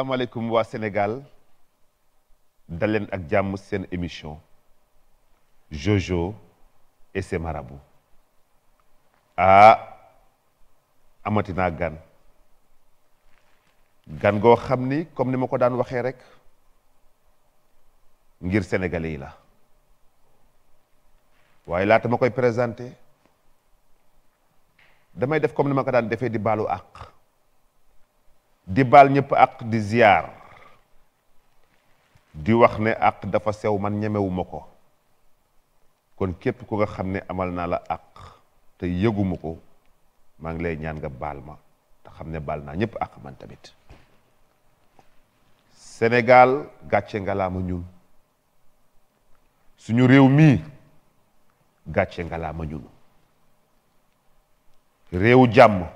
asalaamaaleykum waa Sénégal daleen ak jàmm seen émission Jojo et ses marabouts ah, amati naa gan gan goo xam ni comme ni ma ko daan waxe rek ngir sénégalais yi la waaye laata ma koy présenté damay def comme ni ma ko daan defee di baalu àq. di baal ñëpp ak di ziyaar di wax ne ak dafa sew man ñemewuma ko kon képp ku nga xam ne amal naa la ak te yëguma ko maa ngi lay ñaan nga baal ma te xam ne baal naa ñëpp ak man tamit Sénégal gàcce ngalaama ñun suñu réew mii gàcce ngalaama ñun réewu jàmm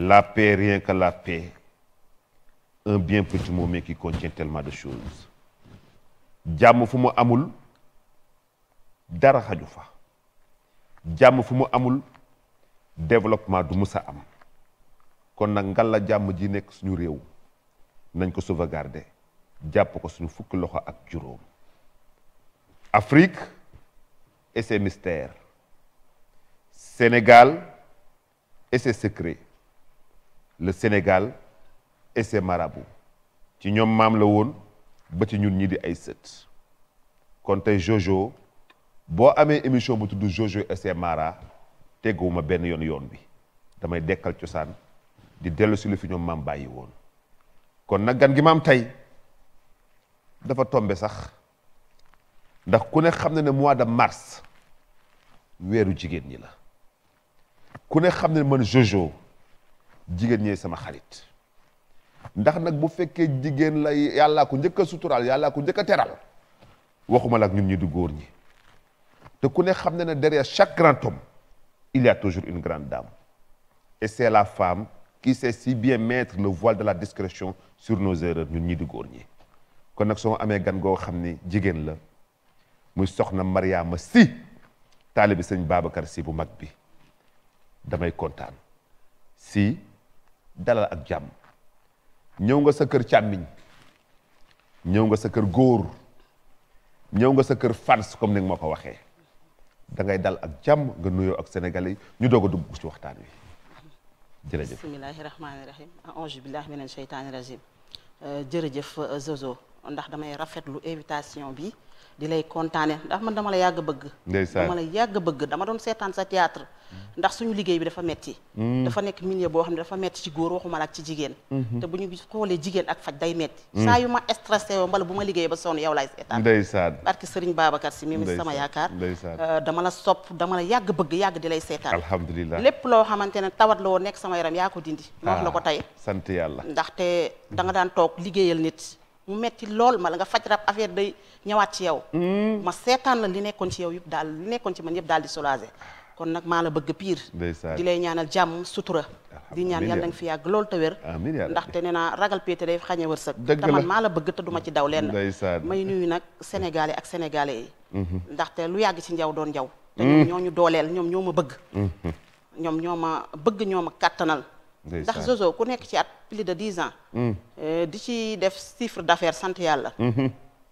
La paix, rien que la un bien petit mot mais qui contient de choses. jàmm fu mu amul dara xaju fa jàmm fu mu amul développement du musa am kon nag ngalla jàmm ji nekk suñu réew nañ ko sauvegarder jàpp ko suñu fukki loxo ak juróom Afrique et ses Sénégal et ses le Sénégal et ses ci ñoom maam la woon ba ci ñun ñi di ay sët kon tey Jojo boo amee émission bu tudd Jojo et ses mara tegguwuma benn yoon yoon bi damay dekkal cosaan di dellu lu fi ñoom maam bàyyi woon kon nag gan gi maam tey dafa tombe sax ndax ku ne xam na ne mois de mars weeru jigéen ñi la ku ne xam ne man Jojo jigéen ñee sama xarit ndax nag bu fekkee jigéen la yàllaa ko njëkk a suturaal yàllaa ko njëkk a teral waxuma la ak ñun ñi du góor ñi te ku ne xam na ne derrière chaque grand homme il y toujours une grande dame et c'est la femme qui sait si bien mettre le voile de la discrétion sur nos erreurs ñun ñi di góor ñi kon nag soo amee gan goo xam ni jigéen la muy soxna Mariama si taalibi sëñ Babacar si bu mag bi damay kontaan si dalal ak jàmm ñëw nga sa kër càmmiñ ñëw nga sa kër góor ñëw nga sa kër fans comme ni nga ma ko waxee dangay dal ak jàmm nga nuyoo ak sénégalais ñu doog a dugg ci waxtaan wi jërëjëf bismillahi rahmaani rahim auzu billahi minash shaytaani rajim euh, jërëjëf euh, Zozo ndax damay rafetlu invitation bi di lay kontaane ndax man dama la yàgg bëgg dama la yàgg bëgg dama doon seetaan sa théâtre mm. ndax suñu liggéey bi dafa metti mm. dafa nekk milieu boo xam ne dafa metti ci góor waxuma la ci jigéen mm-hmm. te bu ñu xoolee jigéen ak faj day metti mm. saa yu ma stressé yoo mbala bu ma liggéey ba son yow laay seetaan ndeysaan barki Sëriñ Babacar Si mi sama yaakaar euh, dama la sopp dama la yàgg bëgg yàgg di lay seetaan alhamdulilah lépp loo xamante ne tawat loo nekk sama yaram yaa ko dindi ma wax la ah, ko tey sant yàlla ndaxte da nga daan toog liggéeyal nit mu metti lool ma la nga faj rab affaire day ñëwaat ci yow. Hmm. ma seetaan la li nekkoon ci yow yëpp daal li nekkoon ci man yëpp daal di soulager. kon nag maa la bëgg piir di lay ñaanal jàmm sutura di ñaan yàlla nga fi yàgg lool te wér ndaxte ne naa ragal pété day xañe wërsëg te maa la bëgg te duma ci daw lenn may nuyu nag sénégalais ak sénégalais yi mhm. ndaxte lu yàgg ci njaw doon njaw te ñoom mhm. ñoo ñu dooleel ñoom ñoo ma bëgg mhm. ñoom ñoo ma bëgg ñoo ma kàttanal ndax Jojo ku nekk ci at plus de dix ans. Mm. Eh, di ci def chiffre d'affaires sant yàlla. Mm-hmm.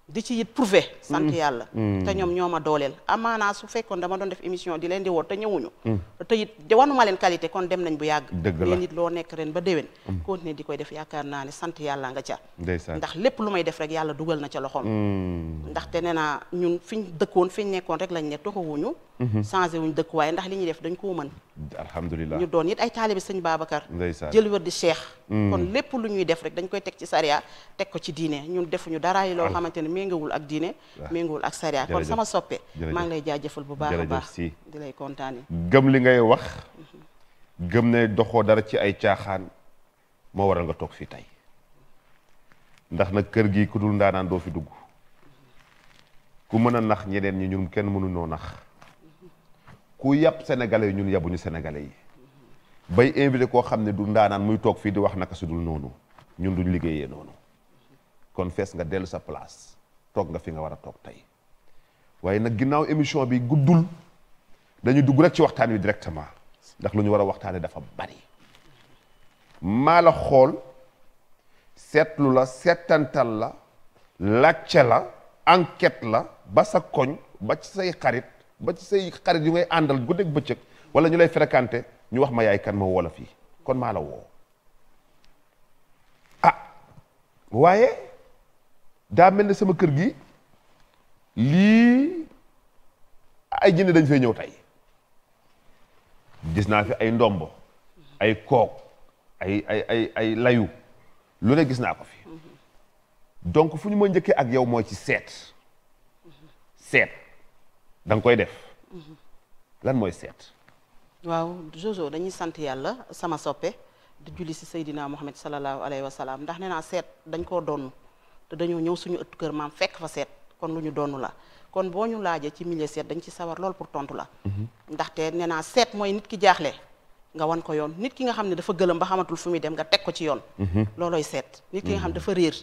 di ci it prouvé sant mm. yàlla mm. te ñoom ñoo ma dooleel amaanaa su fekkoon dama doon def émission di leen di woo te ñëwuñu mm. te it wanuma leen qualité kon dem nañ bu yàgg leen it loo nekk ren ba déwén continuer di koy def yaakaar naa ne sant yàlla nga ca ndax lépp lu may def rek yàlla dugal na ca loxoom ndaxte nee naa ñun fiñ dëkkoon fiñ nekkoon rek lañ ne toxawuñu mm-hmm. changé wuñ dëkkuwaay ndax li ñuy def dañ koo mën alhamdulilah ñu doon it ay taalibi sëñ Babacar jël wër di cheikh kon lépp lu ñuy def rek dañ koy teg ci sariya teg ko ci diine ñun defuñu dara yi loo xamante ne méngawul ak diine méngawul ak sariya kon sama soppe maa ngi lay jaajëfal bu baax a baax di lay kontaane gëm li ngay wax gëm ne doxoo dara ci ay caaxaan moo waral nga toog fii tey ndax na kër gi ku dul ndaanaan doo fi dugg ku mën a nax ñeneen ñi ñun kenn mënu noo nax ku yàpp sénégalais yi ñun yàbuñu sénégalais yi bay invité koo xam ne du ndaanaan muy toog fii di wax naka si dul noonu ñun duñ liggéeyee noonu kon fees nga dellu sa place toog nga fi nga war a toog tey waaye nag ginnaaw émission bi guddul dañuy dugg rek ci waxtaan wi directement ndax lu ñu war a waxtaane dafa bari maa la xool seetlu la seetantal la lacce la enquête la ba sa koñ ba ci xarit ba ci say xarit yu ngay àndal guddeeg bëccëg wala ñu lay fréquenté ñu wax ma yaay kan ma woo la fii kon maa la woo ah waaye daa mel ne sama kër gi lii ay jinne dañ fee ñëw tey gis naa fi ay ndombo ay kook ay ay ay layu lu ne gis naa ko fi donc fu ñu ma njëkkee ak yow mooy ci seet seet da koy def lan mooy seet waaw Jojo dañuy sant yàlla sama soppe di julli si Seydina Muhammad sallallahu alayhi wa salaam ndax nee naa seet dañ koo doon te dañoo ñëw suñu ëttu kër maam fekk fa seet kon lu ñu doonu la kon boo ñu laajee ci milieu seet dañ ci sawar lool pour tontu la mhm. ndaxte ne naa seet mooy nit ki jaaxle nga wan ko yoon nit ki nga xam ne dafa gëlëm ba xamatul fu muy dem nga teg ko ci yoon mhm. loolooy seet nit ki nga xam mhm. dafa réer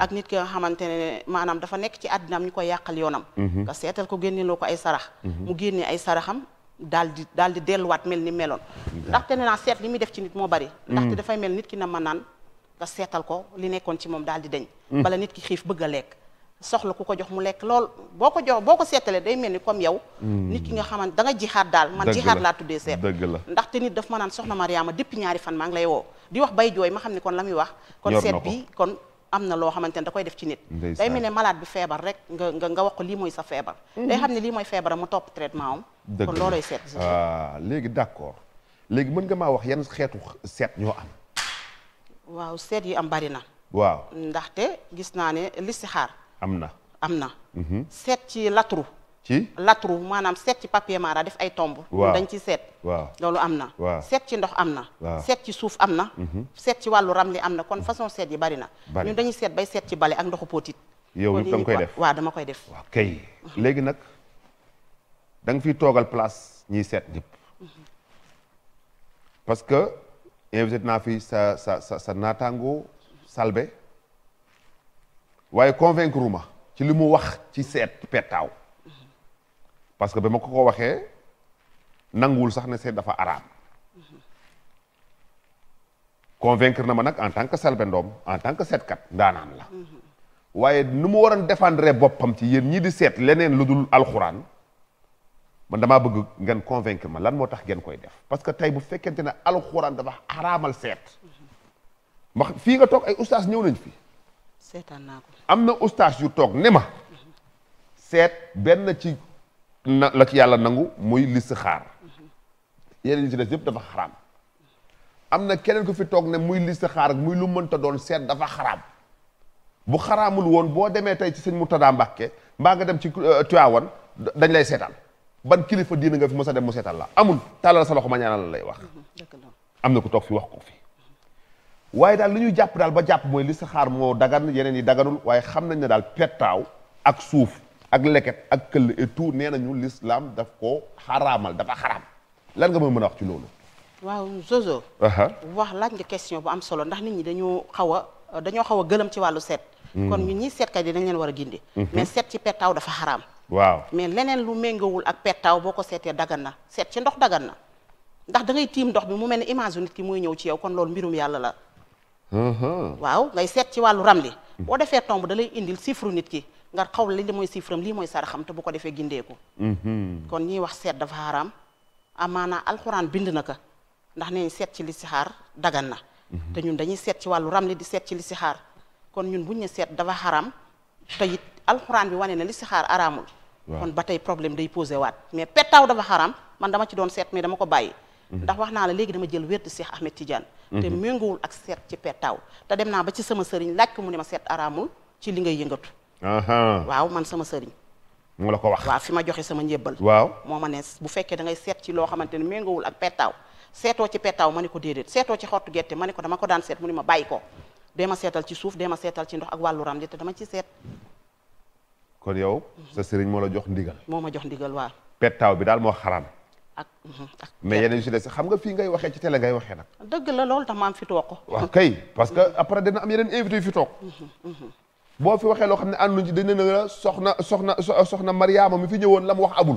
ak nit ki nga xamante ne maanaam dafa nekk ci àddinaam ñu koy yàqal yoonam nga seetal ko génne loo ko ay sarax mu génnee ay saraxam daal di daal di delluwaat mel ni meloon ndaxte nee naa seet li muy def ci nit moo bari ndaxte dafay mel nit ki na ma naan nga seetal ko li nekkoon ci moom daal di dañ hmm. bala nit ki xiif bëgg a lekk soxla ku ko jox mu lekk lool boo ko jox boo ko seetalee day mel ni comme yow hmm. nit ki nga xamante da nga jixaat daal man jixaat laa tuddee seet dëgg la ndaxte nit daf ma naan soxna Mariama depuis ñaari fan maa ngi lay woo di wax jooy ma xam ne kon la muy wax kon seet bi kon am na loo xamante ne da def ci nit day mel ne malaat bi feebar rek nga nga nga wax ko lii mooy sa feebar hmm. day xam ne lii mooy feebar mu topp traitement am kon looloy seet ah, léegi d'accord léegi mën nga maa wax yan xeetu seet ñoo am waaw seet yi am bari na. waaw ndaxte gis naa ne listixaar. am na am na. Mhm. seet ci latru. ci latru maanaam seet ci papier mara def ay tomb. waaw dañ ci seet. waaw loolu am na. seet ci ndox am na. seet ci suuf am na. Mhm. seet ci wàllu ramli am na kon façon seet yi bari na. ñun dañuy seet bay seet ci bale ak ndoxu potit yow da nga koy def waa dama koy def. waaw kay mhm. léegi nag da fi toogal place ñiy seet ñëpp. invité naa fi sa sa sa sa Salbe waaye convaincre ma ci li mu wax ci seet pettaaw parce que ba ma ko ko waxee nanguwul sax ne seet dafa araam convaincre na ma nag en tant que Selbé en tant que seetkat ndaanaan la mhm. waaye nu mu waroon défendre boppam ci yéen ñii di seet leneen lu dul alxuraan man damaa bëgg ngeen convaincre ma lan moo tax ngeen koy def parce que tey bu fekkente ne alxuraan dafa xaraamal seet wax fii nga toog ay ustaas ñëw nañ fi seetaan naa ko am na ustaas yu toog ne ma seet benn ci na la ci yàlla nangu muy listixaar yeneen yi ci des yëpp dafa xaraam am na keneen ku fi toog ne muy listixaar muy lu mënta doon seet dafa xaraam bu xaraamul woon boo demee tey ci sëñ Murtada Mbàkke mbaa nga dem ci euh, Tiwaawan dañ lay seetaan ban kilifa diina nga fi mos a dem mu seetal la amul tàllal sa loxo ma ñaanal la lay wax mhm. am na ko toog fi wax ko fi waaye daal li ñuy jàpp daal ba jàpp mooy li saxaar moo dagan yeneen yi daganul waaye xam nañ ne daal pettaaw ak suuf ak leket ak këll et tout nee nañu l'islam daf ko xaraamal dafa xaraam lan nga ma mën a wax ci loolu waaw Jojo wax laaj nga question bu am solo ndax nit ñi dañoo xaw a dañoo xaw a gëlëm ci wàllu seet hmm. kon ñun ñiy seet kay dinañ leen war a gin hmm. mais seet ci pettaaw dafa xaraam waaw mais leneen lu méngawul ak pettaaw boo ko seetee dagan na seet ci ndox dagan na ndax da ngay tiim ndox bi mu mel ni image nit ki muy ñëw ci yow kon loolu mbirum yàlla la uh-huh. waaw ngay seet ci wàllu ram li mm. boo defee tomb da lay indil chiffre nit ki nga xaw li mooy chiffre am lii mooy saraxam te bu ko defee gindeeku mm-hmm. kon ñiy wax seet dafa haram amaanaa alxuraan bind na ko ndax nee seet ci listixaar dagan na mm-hmm. te ñun dañuy seet ci wàllu ram li di seet ci listixaar kon ñun buñ ne seet dafa haram te alxuraan bi wane na li listixaar araamul kon ba tey problème day posé waat mais pettaaw dafa xaram man dama ci doon seet mais dama ko bàyyi mhm. ndax wax naa la léegi dama jël wér di Cheikh Ahmed Tidiane te mhm. méngoowul ak seet ci pettaaw te dem naa ba ci sama sëriñ laaj mu ne ma seet araamul ci li ngay yëngatu waaw man sama sëriñ la ko wax waaw fi ma joxe sama njébbal waaw moo ma bu fekkee da ngay seet ci loo xamante ne méngoowul ak pettaaw seetoo ci pettaaw ma ne ko déedéet seetoo ci xottu gerte ma ne ko dama ko daan seet mu ne ma bàyyi ko dema ma seetal ci suuf dee ma seetal ci ndox ak wàllu ram li te dama ci seet kon yow. sa sëriñ moo la jox ndigal. moo ma jox ndigal waaw. pettaaw bi daal moo xaraam. ak mhm, ak mais yeneen si xam nga fii ngay waxee ci télé ngay waxee nag. dëgg la loolu tax ma am fi toog ko. kay parce que après dina am yeneen invité yu mhm, mhm. boo fi waxee loo xam ne ànduñ na dañ ne la soxna soxna soxna Mariama mi fi ñëwoon la mu wax abul.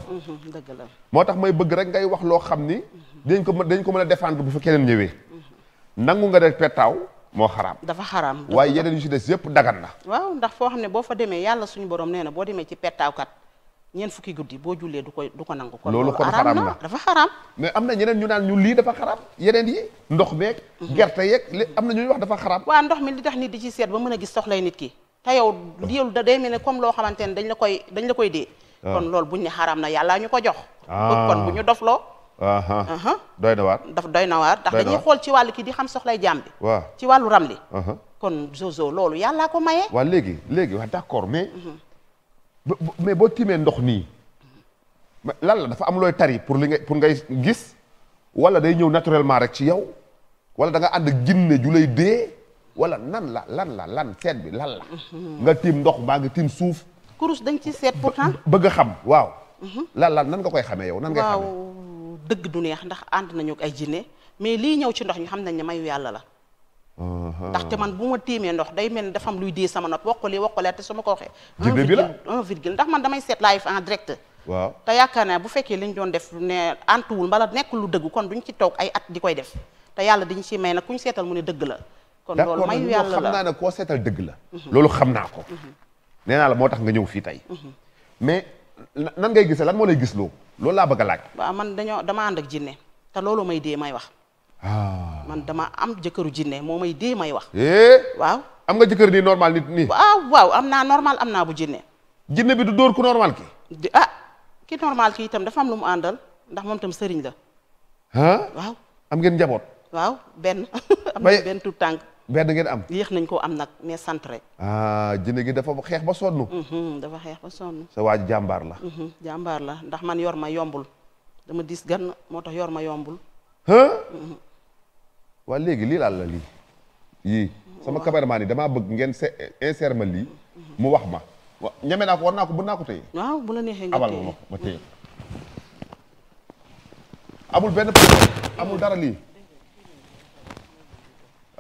moo tax may bëgg rek ngay wax loo xam ni. dañ ko dañ ko mën a défendre bu fa keneen ñëwee. nangu nga rek pettaaw. moo xaraam dafa xaraam waaye yeneen yu ci des yëpp dagan na waaw ndax foo xam ne boo fa demee yàlla suñ borom nee na boo demee ci pettaawkat ñeen fukki guddi boo jullee du koy du ko nangu ko loolu kon xaraam na dafa xaraam mais am na ñeneen ñu naan ñu lii dafa xaraam yeneen yi ndox meeg mhm. gerte yeeg li am na ñuy dafa xaraam ndox mi li tax nit di ci seet ba mën a gis soxlay nit ki te yow yow da day ne comme loo xamante ne dañ la koy dañ la koy dee ah. kon loolu buñ ne xaraam na yàlla ñu ko jox ah. kon bu ñu dofloo doy na waar daf doy na waar ndax xool ci wàllu ki di xam soxlay jaam bi waaw ci wàllu ram li kon Jojo loolu yàllaa ko maye waaw léegi léegi waaw d'accord mais mhm. mais boo tiimee ndox nii lan la dafa am looy tari pour li nga pour ngay gis wala day ñëw naturellement rek ci yow wala da nga ànd jinne ju lay dee wala nan la lan la lan seet bi lan la mhm. nga tiim ndox mbaa nga tiim suuf kurus dañ ci seet pourtant bëgg xam waaw mhm. lan lan nan nga koy xamee yow nan ngay xamee dëgg du neex ndax ànd nañu ay jinne mais lii ñëw ci ndox ñu xam nañ ne mayu yàlla la te man bu ma tiimee ndox day mel ni dafa am luy dee sama nopp wokkali wokkaleer te su ma ko waxee la un virgule ndax man damay seet live te yaakaar naa bu fekkee li ñu doon def ne antuwul mbala nekk lu dëgg kon duñ ci toog ay at di koy def te yàlla dañu ci may na kuñ seetal mu ne dëgg la kon loolu mayu yàlla la xam naa ne koo seetal dëgg la mhm. loolu xam naa ko mhm. nee naa la moo tax nga ñëw fii tey mhm. mais nan ngay gi lan moo lay gis loo loolu laa bëgg a laaj. waaw man dañoo dama ànd ak jinne te loolu may dee may wax. Ah. man dama am jëkkëru jinne moo may dee may wax. Eh? waaw. am nga jëkkër di normal nit nii. waaw waaw am naa normal am naa bu jinne. jinne bi du dóor ku normal ki di ah ki normal ki itam dafa am lu mu àndal ndax moom itam sëriñ la. ah waaw am ngeen njaboot. waaw benn am na benn tuut tànk. benn ngeen am. yéex nañ ko am nag mais sant rek. ah jinne gi dafa xeex ba sonn. Mhm, dafa xeex ba sonn. sa waaj jàmbaar la. Mhm, jàmbaar la ndax man yor ma yombul dama dis gan moo tax yor ma yombul. Mhm. waa léegi lii laal la lii yii damaa bëgg ngeen se insérer mu wax ma wa ñeme naa ko war bu naa waaw bu la neexee nga téye abal ma ma amul benn amul dara lii.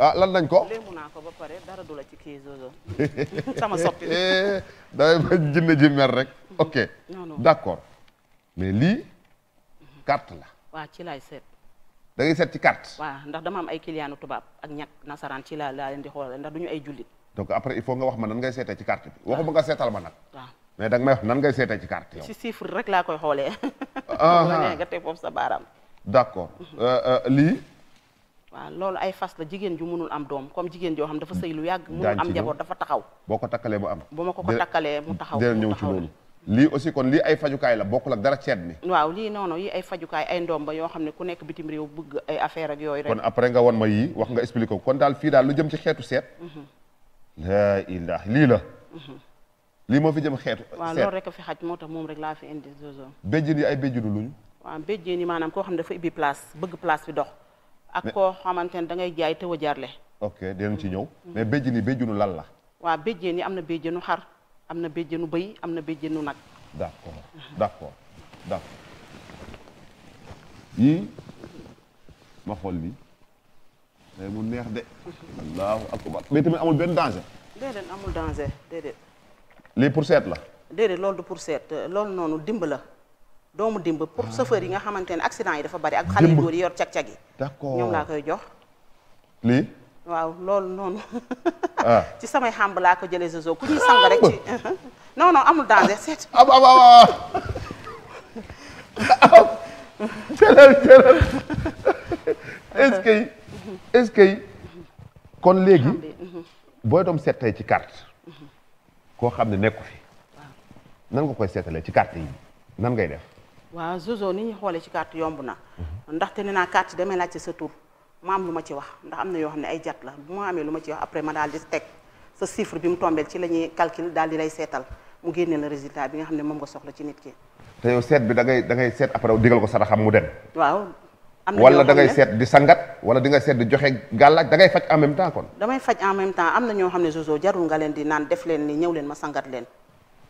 ah lan nañ ko. léemu naa ko ba pare dara du la ci kii zozo sama soppi. damay ba jinne ji mer rek. Mm-hmm. ok d' accord mais lii carte la. waaw ci laay seet. da ngay seet ci carte. ndax dama am ay clients tubaab ak ñàkk nasaraan ci laa laa leen di xoolal ndax du ñu ay jullit. donc après il faut nga wax ma nan ngay seetee ci carte bi. waxuma nga seetal ma nag. waaw mais danga may wax nan ngay seetee ci carte yow. ci chiffre rek laa koy xoolee. Ah. nga teg foofu sa baaraam. d' accord mm-hmm. euh, euh, lii. waaw loolu ay fas la jigéen ju mënul am doom comme jigéen joo xam dafa sëy lu yàgg mënul am njaboot dafa taxaw boo ko takkalee bu am bu ma ko ko takkalee mu taxaw dinañ ñëw ci loolu lii aussi kon lii ay fajukaay la bokkul ak dara ceet waaw lii noonu yii ay fajukaay ay ba yoo xam ne ku nekk bitim réew bëgg ay affaire ak yooyu rek kon après nga won ma yii wax nga expliqué ko kon daal fii daal lu jëm ci xeetu seet mhm. laa mhm. moo fi jëm xeetu waaw loolu rek a moo tax rek laa fi indi zozo béjjén yi ay béjjénu luñu waaw béjjéen yi maanaam koo xam ne dafa ibbi place bëgg place bi dox ak koo xamante ne da ngay jaay te wajaarle ok dinañ ci mm-hmm. ñëw mm-hmm. mais béjjën yi béjjënu lan la waa béjjën yi am na béjjënu xar am na béjjënu bëy am na béjjënu nag d'accord mm-hmm. d'accord d'accord yii ma xool lii day mu neex de allahu akbar mais tamit amul benn danger déedéet amul danger déedéet lii pour seet la déedéet lool du pour seet loolu noonu dimb la doomu dimb pour ah. chauffeur yi nga xamante ne accident yi dafa bari ak xale yu góor yi yor cag-cag yi d'accord koy jox waaw loolu noonu ah. ci samay xàmb laa ko jëlee zozo ku ñuy sang rek amul danger ah, ce que kon léegi mhm. booy doom seet ci carte mhm. koo xam ne nekku fi nan nga koy seetalee ci carte yi nan ngay def waa Zozo ni ñu xoolee ci carte yomb na mhm. ndaxte ne naa carte damay laajte sa tur ma am lu ma ci wax ndax am na yoo xam ne ay jat la bu ma amee lu ma ci wax après ma daal di teg sa chiffre mu tombeel ci la ñuy calcul daal di lay seetal mu génnee la résultat bi nga xam ne moom nga soxla ci nit ki te bi da ngay da ngay seet après digal ko saraxam mu dem waaw am na wala di sangat wala di nga seet joxe gàllaaj da ngay faj en même damay faj en même temps am na ñoo xam ne Zozo jarul nga leen di naan def leen ñëw leen ma sangat leen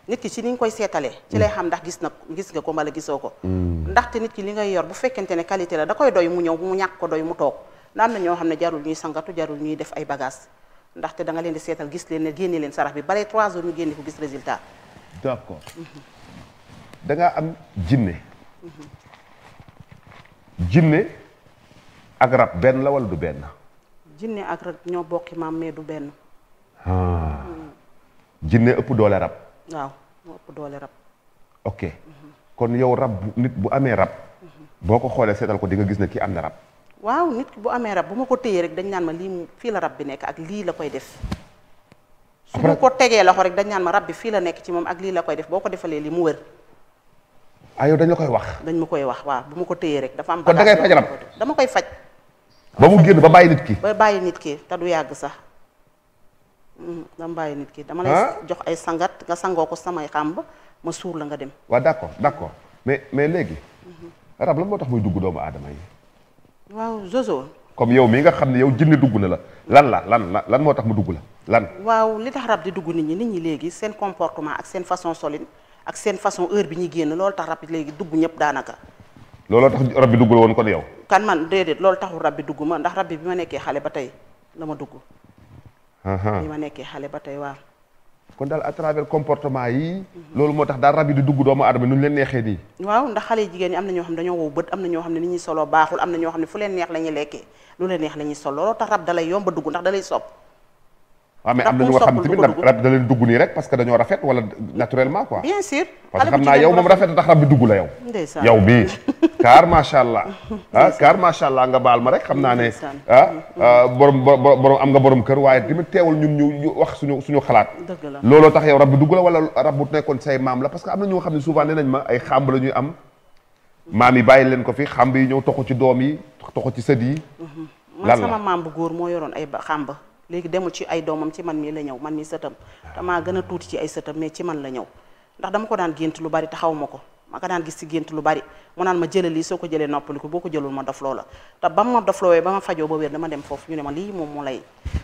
nit ki ci ni nga koy seetalee ci lay xam ndax gis na gis nga ko mbala gisoo ko mm. ndaxte nit ki li ngay yor bu fekkente ne qualité la da koy doy mu ñëw mu ñàkk ko doy mu toog na am na ñoo xam ne jarul ñuy sangatu jarul def ay bagage ndaxte da nga leen di seetal gis leen ne génne leen sarax bi balee trois jours ñu génne ko gis résultat d'accord mm-hmm. da ngaa am jinne mm-hmm. jinne ak rab benn la wala du benn jinne ak rab ñoo bokki maam mais du benn ah. mm. jinne ëpp doole rab waaw moo ëpp doole rab. ok kon yow rab bu nit bu amee rab. boo ko xoolee seetal ko di nga gis ne kii am na rab. waaw nit bu amee rab bu ma ko téyee rek dañ naan ma lii fii la rab bi nekk ak lii la koy def. su ma ko tegee loxo rek dañ naan ma rab bi fii la nekk ci moom ak lii la koy def boo ko defalee mu wër. ah yow koy wax. dañ ma koy wax waaw bu ma ko téyee rek dafa am. kon da ngay dama koy faj. ba mu génn ba bàyyi nit ki. ba bàyyi nit ki te du yàgg sax. dama bàyyi nit ki dama lay ah? jox ay sangat nga sangoo ko samay xàmb ma suur la nga dem waaw d'accord d'accord mais mais léegi rab la moo tax muy dugg doomu adama yi waaw Jojo comme yow mii nga xam ne yow jinne dugg na la lan la lan la lan moo tax mu dugg la lan waaw li tax rab di dugg nit ñi nit ñi léegi seen comportement ak seen façon solin ak seen façon heure bi ñuy génn loolu tax rab léegi dugg ñëpp daanaka looloo tax rab bi dugg la woon kon yow kan man déedéet loolu taxul rab bi dugg ma ndax rab bi ma nekkee xale ba tey la ma dugg ni ma nekkee xale ba tey waaw kon daal à travers comportement yi loolu moo tax daal rab yi di dugg doomu aadama nu ñu leen neexee nii waaw ndax xale jigéen ñi am na ñoo xam ne dañoo bët am na ñoo xam ne ni ñuy solo baaxul am na ñoo xam ne fu leen neex la ñuy lekkee lu leen neex la ñuy sol looloo tax rab dalay yomb ba dugg ndax dalay sopp waaw ah, mais am na ñu nga xam tamit rab da leen dugg rek parce que dañoo rafet wala naturellement quoi. bien xam naa yow moom rafet tax rab bi dugg la yow. ndeysaan yow bii kaar macha allah. ah kaar macha allah nga baal ma rek xam naa ne. Ah, mm-hmm. ah borom borom am nga borom kër waaye tamit teewul ñun ñu wax suñu suñu xalaat. dëgg la looloo tax yow rab bi dugg la wala rab bu nekkoon say maam la parce que am na ñu nga xam ne souvent nee nañ ma ay xàmb la ñuy am. Mm-hmm. maam yi bàyyi leen ko fi xàmb yi ñëw toxu ci doom yi toxu ci sët yi. Mm-hmm. lan la man sama maam moo yoroon ay xàmb léegi demul ci ay doomam ci man mii la ñëw man mii sëtam ah. damaa gën a tuuti ci ay sëtam mais ci man la ñëw ndax dama ko daan gént lu bari taxaw ma ko ma ko daan gis ci gént lu bari mu naan ma jëlal lii soo ko jëlee noppaliku boo ko jëlul ma dofloo la te ba ma dofloowee ba ma fajoo ba wér dama dem foofu ñu ne ma moom mu lay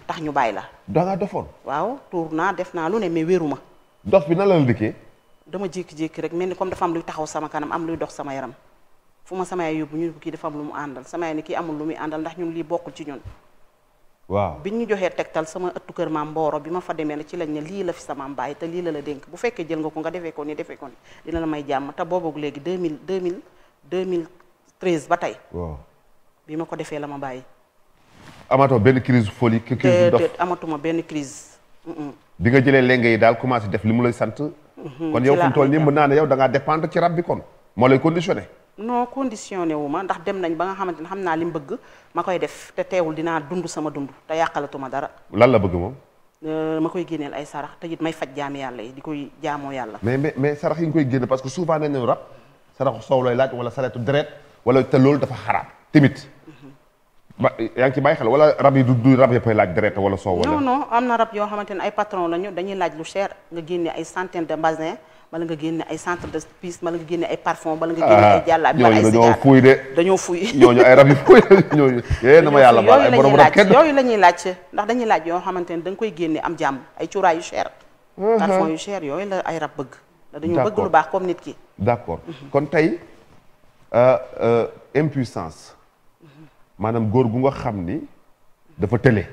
tax ñu bàyyi la dangaa dofoon waaw tuur naa def naa lu ne mais wéru ma dof bi na la dikkee dama jékki-jékki rek mel ni comme dafam am luy taxaw sama kanam am luy dox sama yaram fu ma sama yaay yóbbu ñu ne ko kii dafa am lu mu àndal sama yaay ni kii amul lu muy àndal ndax ñun lii bokkul ci ñun waaw bi ñu joxee tegtal sama ëttu kër maam mbooro bi ma fa demee na ci lañ ne lii la fi sa bàyyi te lii la la dénk bu fekkee jël nga ko nga defee ko ni ko ni dina la may jàmm te boobu léegi 2000 2000 2013 ba tey. waaw ma ko defee la ma bàyyi. amatoo benn crise folie. crise amatuma benn crise. bi nga jëlee lenge yi daal commencé def li mu lay sant. Mm-hmm. kon yow fu mu mën naa ne yow da ngaa dépendre ci rab kon moo lay conditionné. non conditionné wu ma ndax dem nañ ba nga xamante ne xam naa li mu bëgg ma koy def te teewul dinaa dund sama dund te yàqalatuma dara. lan la bëgg moom. Euh, ma koy génneel ay sarax te it may faj jaami yàlla yi di koy jaamoo yàlla. mais mais mais sarax yi nga koy génne parce que souvent nee nañu rab saraxu soow lay laaj wala sareetu deret wala te loolu dafa xaraam tamit. Mhm. ba yaa ngi ci bàyyi xel wala rab yi du du rab yëppay laaj deret wala soow. wala non non am na rab yoo xamante ne ay patron dañuy laaj lu cher nga génne ay centaine de basin. wala nga génne ay centre de piste wala nga génne ay parfum wala nga génne ah, ay jàllaabi wala dañoo fuuy de dañoo fuuy ñooñu ay rab yu fuuy ñooñu yee na ma yàlla baal ay borom kenn yooyu la ñuy laaj ndax dañuy laaj yoo xamante ne da koy génne am jàmm ay cuuraay yu cher mm-hmm. parfum yu cher yooyu la ay rab bëgg da dañoo bëgg lu baax comme nit ki d'accord mm-hmm. kon tey euh, euh, impuissance mm-hmm. maanaam góor gu nga xam ni dafa tële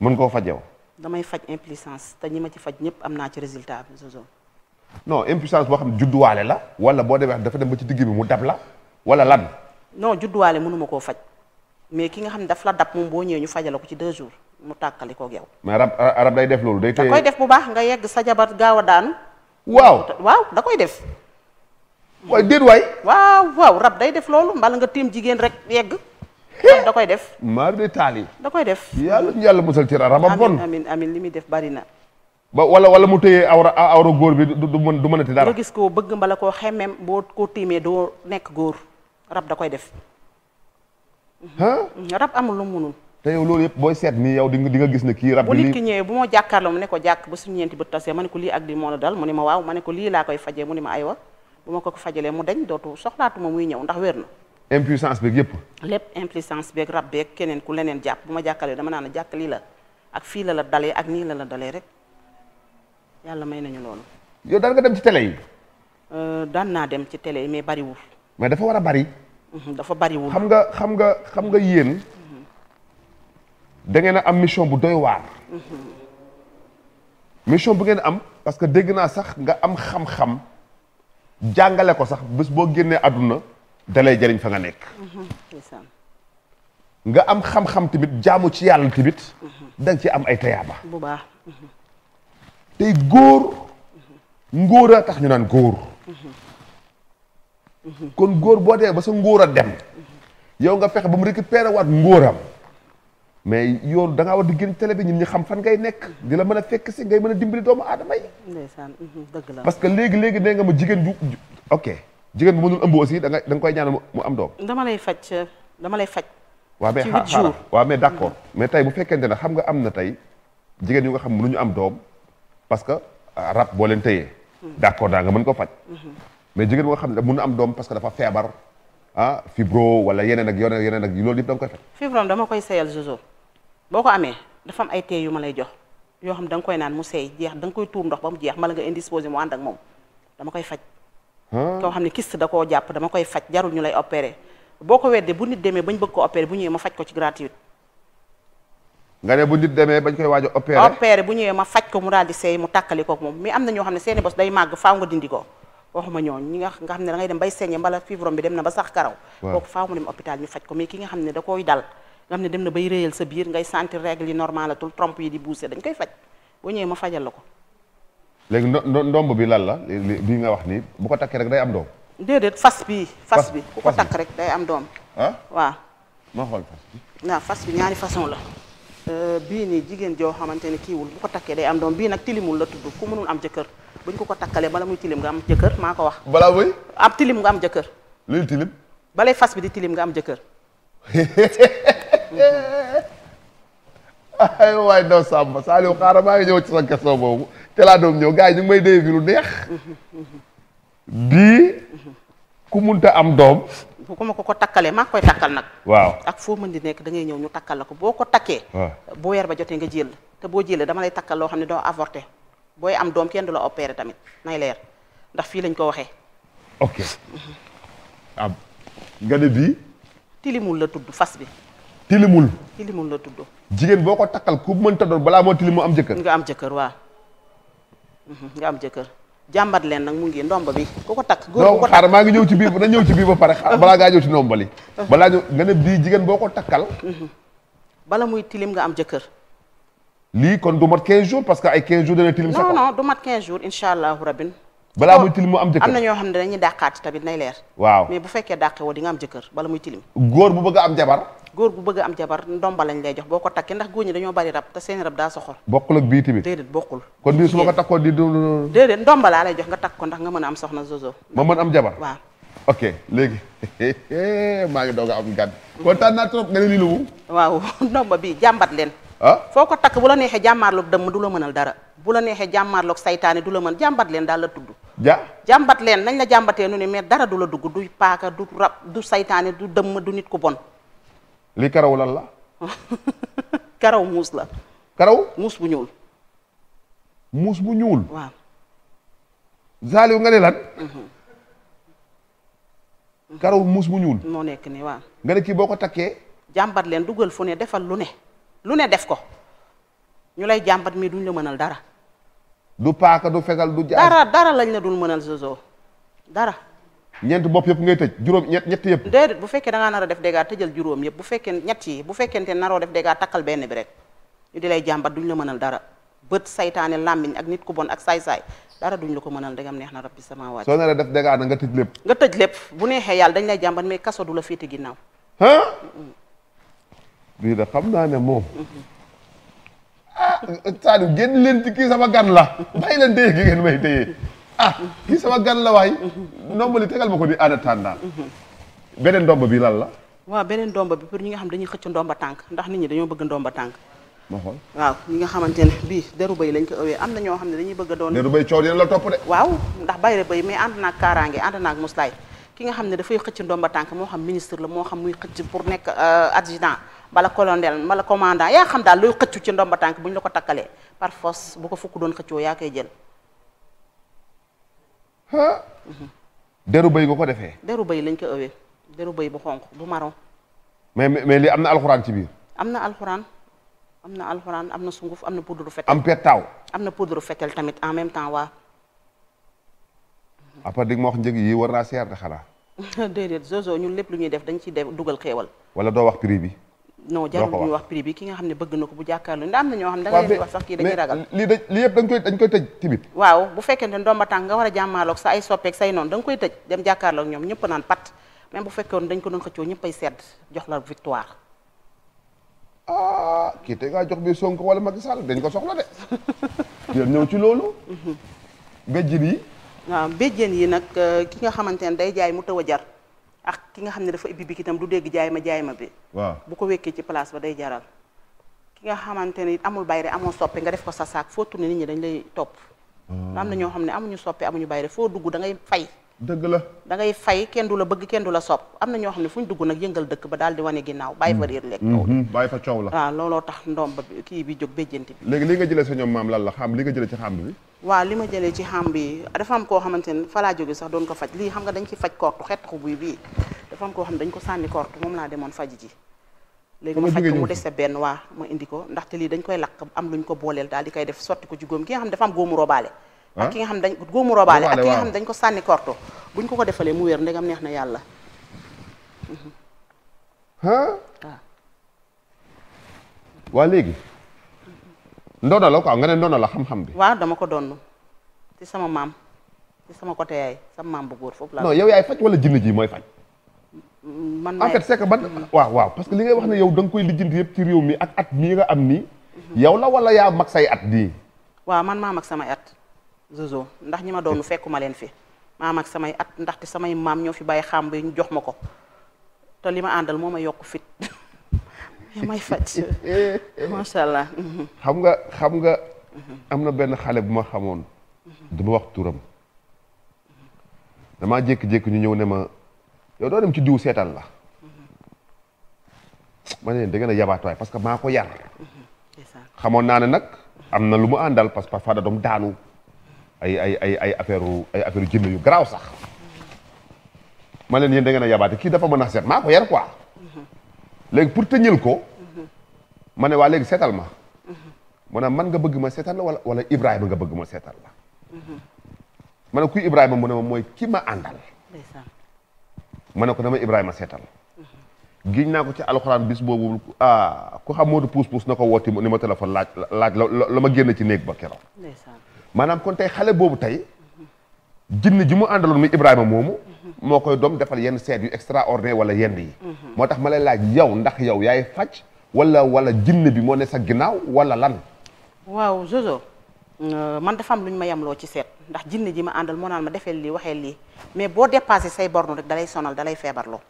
mën koo fajew damay faj impuissance te ñi ma ci faj ñëpp am naa ci résultat bi non impuissance boo xam ne judduwaale la wala boo demee dafa dem ba ci digg bi mu dab la wala lan non judduwaale mënuma koo faj mais ki nga xam ne daf la dab moom boo ñëwee ñu fajala ko ci deux jours mu tàkkali koog yow mais rab day def loolu day da koy def bu baax nga yegg sa jabar gaaw a daanu waaw waaw da koy def waaye déet waay waaw waaw rab day def loolu mbala nga tiim jigéen rek yegg da koy def maar de taal yi da koy def yàlla ñu yàlla musal ci rabam bon amin amin li muy def bari na ba wala wala mu tëyee awra awra góor bi du mën du mënati dara. gis ko bëgg mbala koo xemmeem boo ko tiimee doo nekk góor rab da koy def. rab amul lu munul. te yow loolu seet nii yow di nga gis ne kii rab. bu ñëwee bu ma jàkkaarloo ne ko jàkk ba suñu ñeenti tasee ma ne ko lii ak di moo dal mu ni ma waaw ma ne ko lii laa koy fajee mu ne ma ay aywa bu ma ko fajalee mu deñ dootu soxlaatuma muy ñëw ndax wér na. impuissance beeg yëpp. lépp impuissance beeg rab beeg keneen ku leneen jàpp bu ma jàkkaarloo dama naan jàkk lii la ak fii la la dalee ak nii la la dalee rek yàlla may nañu loolu. yow daan nga dem ci tele yi. Euh, daan naa dem ci tele yi mais bariwul. mais dafa war a bari. Mm-hmm, dafa bariwul xam nga xam nga xam nga mm-hmm. yéen. Mm-hmm. ngeen am mission bu doy waar. mission bu ngeen am parce que dégg naa sax nga am xam-xam jàngale ko sax bés boo génnee àdduna dalay jëriñ fa nga nekk. nga am xam-xam tamit jaamu ci yàlla tamit. da ci am ay tayaaba bu baax. tey góor ngóor a tax ñu naan góor kon góor boo dee ba sa ngóor dem yow nga fexe ba mu récupéré waat ngóoram mais yow danga ngaa war di gën télé bi ñun ñu xam fan ngay nekk di la mën a fekk si ngay mën a dimbali doomu aadama yi. ndeysaan mhm, parce que léegi léegi ne nga ma jigéen ju ok jigéen bu mënul ëmb aussi da nga da koy ñaan mu am doom. dama lay faj dama lay faj. waaw mais xaaral waaw mais d' accord mais tey bu fekkente ne xam nga am na tey jigéen yu nga xam nu ñu am doom. parce que euh, rab boo leen tëyee. Mm-hmm. d'accord daa nga mën ko faj. Mm-hmm. mais jigéen bu xam ne mun am doom parce que dafa feebar ah fibro wala yeneen ak yeneen yeneen ak loolu yëpp da koy faj. fibro dama koy seeyal Jojo boo ko amee dafa am ay tee ma lay jox yoo xam da nga koy naan mu seey jeex danga koy tuur ndox ba mu jeex mala nga indisposé mu ànd ak moom dama koy faj. Ah. koo xam ne kist da koo jàpp dama koy faj jarul ñu lay opéré boo ko weddee bu nit demee bañ bëgg bu ñëwee ma faj ko ci gratuite. nga ne bu nit demee bañ koy waaj a opéré opéré bu ñëwee ma faj ko mu daal di seey mu tàkkali ko moom mais am na ñoo xam ne seeni bos day màgg faaw nga dindi ko waxuma ñooñ nga xam ne da ngay dem bay saigné mbala fibrome bi dem na ba sax karaw kooku faaw mu dem hôpital ñu faj ko mais ki nga dem na bay réyal sa biir ngay sentir règle yi normal atul trompe yi di bousé dañ koy faj bu ma fajal la ko léegi ndomb bi lan la bii nga wax nii bu ko takkee rek day am doom déedéet fas bi bi bu ko takk rek day am doom ah? waa moo xool fas bi waaw fas bi façon la Euh, bii nii jigéen joo xamante ne kiiwul bu ko takkee day am doom bii nag tilimul la tudd ku mënul am jëkkër buñ ko ko takkalee bala muy tilim nga am jëkkër maa ko wax. balaa muy. am tilim nga am jëkkër. luy tilim. balay fas bi di tilim nga am jëkkër. ay waay doo Samba Saliou xaaral maa ngi ñëw ci sa question boobu te laa doom ñëw gars ñu may dee fi neex. bii ku munta am doom. bu ko ma ko ko takkalee maa koy takkal nag waaw ak foo mën di nekk da ngay ñëw ñu takkal la ko boo ko takkee boo weer ba jotee nga jël te boo jëlee dama lay takkal loo xam ne doo avorté booy am doom kenn la opéré tamit nay leer ndax fii lañ ko waxee ok ah nga la tudd fas bi tilimul tilimul la tudd jigéen boo ko takkal ku mënta doon balaa moo am jëkkër nga am jëkkër waaw mhm, nga am jëkkër jàmbat leen nag mu ngi ndomb bi ko ko takk góor bu ko maa ngi ñëw ci biir na ñëw ci biir ba pare balaa ngaa ñëw ci ndombali nga ne bii jigéen boo ko takkal mhm. bala muy tilim nga am jëkkër lii kon du mat 15 jours parce que ay 15 jours dana tilim sa non non du mat allahu rabin balaa oh, muy tilim mu am jëkkër am na ñoo xam ne dañuy dàqaat tamit nay leer waaw mais bu fekkee dàqe woo di am jëkkër bala muy tilim góor bu bëgg a am jabar góor bu bëgg a am jabar ndomba lañ lay jox boo ko takkee ndax góor ñi dañoo bari rab te seen rab daa soxor bokkul ak bii tamit déedéet bokkul di déedéet ndomba laa lay jox nga takk ko ndax nga mën a am soxna zozo ma mën am jabar waaw ok léegi maa ngi doog a am gan kontaan naa trop nga ne lii lu waaw ndomba bi jàmbat leen ah? foo ko takk bu la neexee jàmmaarloog dëmm du la mënal dara bu la neexee jàmmaarloog saytaane du la mën jàmbat leen daal la tudd ja jàmbat leen nañ la jàmbatee nu ne mais dara du la dugg du paaka du rab du seytaane du dëmm du nit ku bon. li karaw lan la. karaw muus la. karaw muus bu ñuul. muus bu ñuul. waaw. Saliou ne lan. Mhm. karaw muus bu ñuul. moo nekk ni waaw. nga kii boo ko takkee. jàmbat leen dugal fu ne defal lu ne. lu ne def ko. ñu lay jàmbat mi duñ la mënal dara. du paaka du fegal du. jaar dara dara lañ la dul mënal Jojo dara. ñeent bopp yëpp ngay tëj juróom ñett ñett yëpp. déedéet bu fekkee da ngaa nar a def dégâts tëjal juróom yëpp bu fekkee ñett yi bu fekkente naroo def dégâts takkal benn bi rek ñu di lay jàmbat duñ la mënal dara bët saytaane làmmiñ ak nit ku bon ak saay-saay dara duñ la ko mënal dagam neex na rabbi sama waaj. soo naree def dégâts nag nga tëj lépp. nga tëj lépp bu neexee yàll dañ lay jàmbat mais du la féete ginnaaw. ah. bii da ah Sadio génn leen ci kii sama gan la bàyyi leen téye gi ngeen may téye ah kii sama gan la waay ndomb li tegal ma ko a en attendant beneen ndomb bi lan la. waaw beneen ndomb bi pour ñi nga xam dañuy xëcc ndomba tànk ndax nit ñi dañoo bëgg ndomba tànk. ma xool nga xamante ne bii deru bay lañ ko ëwee am na ñoo xam ne dañuy bëgg doon. deru bay coow dina la topp de. waaw ndax bayre bay mais ànd naag kaaraange ànd naag muslaay ki nga xam ne dafay xëcc ndomba tànk moo xam ministre la moo xam muy xëcc pour nekk euh, adjudant bala colonel bala commandant yaa xam daal looy xëccu ci ndomba tànk bu ñu la ko takkalee par force bu ko fukk doon xëccoo yaa koy jël. Mhm. deru bay nga ko defee. deru bëy lañ ko ëwee deru bay bu xonq bu marron. mais mais lii am na alxuraan ci biir. am na alxuraan am na alxuraan am na sunguf am na poudre fetel. am pettaaw. am na poudre fetel tamit en même temps waa. après di nga ma wax njëg yi war naa seer de xalaat. déedéet zozo ñun lépp lu ñuy def dañ ciy def dugal xéewal. wala doo wax bi. non jarul ñu wax prix bi ki nga xam ne bëgg na ko bu jàkkaarloo ndax am na ñoo xam ne da nga leen di wax sax kii dañuy koy tëj tibit waaw bu fekkente ne ndomba tànk nga war a jàmmaaloog sa ay soppeek say noonu da nga koy tëj dem jàkkaarloog ñoom ñëpp naan pat même bu fekkoon dañ ko doon xëccoo ñëpp ay sedd jox la victoire ah, kii te nga jox bi sonk wala Macky Sall dañ ko soxla de yéen ñëw ci loolu mhm. béjjën yi waaw béjjën yi nag euh, ki nga xamante ne day jaay mu tëw a jar ak ki nga xam ne dafa ibbi bi tam du dégg jaay ma jaay ma bi bu ko wekkee ci place ba day jaral ki nga xamante ne amul bayre amoo soppe nga def ko sa saak foo tourné nit ñi dañ lay topp oh. am na ñoo xam ne amuñu soppe amuñu bayre foo dugg da ngay fay dëgg la da ngay fay kenn du la bëgg kenn du la sopp am na ñoo xam ne fu ñu dugg nag yëngal dëkk ba daal di wane ginnaaw bàyyi fa réer lekk mhm. bàyyi coow la waaw ah, looloo tax ndoom ba kii bi jóg béjjanti léegi li nga jëlee lan la xam li nga jëlee ci xàmb bi waaw li ma jëlee ci xàmb bi dafa am koo xamante ne fa laa sax doon ko faj lii xam nga dañ ci faj kortu xettaxu buy bii dafa am koo xam ne dañ ko sànni kortu moom laa demoon faj ji léegi ma faj ko mu dese benn waa ma indi ko ndaxte lii dañ koy lakk am luñ ko booleel daal di koy def sotti ko ci góom gi nga xam ne dafa am góomu robaale ak ah? ki nga xam dañ góomu robaale ak ki nga xam dañ ko sànni korto ñu ko ko defalee mu wér ndegam neex na yàlla ah waa léegi ndono la quoi nga ne ndono la xam-xam bi waaw dama ko doon sama maam sama côté yaay sama maam bu góor la non yow faj wala jinn ji mooy man en fait c'est mm. waaw waaw parce que li ngay wax ne yow da nga koy lijjanti yëpp ci réew mi ak at mii nga am nii mm-hmm. yow la wala yaa mag say at nii waaw man maa mag samay at Zozo ndax ñi ma doonu fekkuma leen fi maam samay at ndaxte samay maam ñoo fi bàyyi xam bi ñu jox ma ko te li ma àndal moo ma yokk fit may faj macha allah. xam nga xam nga am na benn xale bu ma xamoon du wax turam damaa jékki ñu ñëw ne ma yow doo dem ci diw seetal la ma ne leen da ngeen a que maa ko xamoon naa ne nag am na lu mu àndal parce que parfois da doom daanu ay ay ay ay affaire ay affaire yu yu garaaw sax ma leen yéen da ngeen a yabaate kii dafa mën a seet maa ko yar quoi léegi pour tëñal ko ma ne waa léegi seetal ma ma ne man nga bëgg ma seetal la wala wala Ibrahima nga bëgg ma seetal la ma ne kuy Ibrahima mu ne ma mooy ki ma ne ko dama Ibrahima seetal giñ naa ko ci alxuraan bis boobu ah ku xam Modou pousse pousse na ko wooti ni ma téléphone laaj laaj la ma génn ci néeg ba keroog maanaam kon tey xale boobu tey jinn ji mu àndaloon muy Ibrahima moomu moo koy doom defal yenn seet yu extraordinaire wala yenn yi moo tax ma lay laaj yow ndax yow yaay faj walla wala jinn bi moo ne sa ginnaaw wala lan waaw Jojo euh, man dafa am lu ñu ma loo ci seet ndax jinn ji ma àndal moo naan ma defee lii waxee lii mais boo dépassé say borno rek dalay sonal dalay feebarloo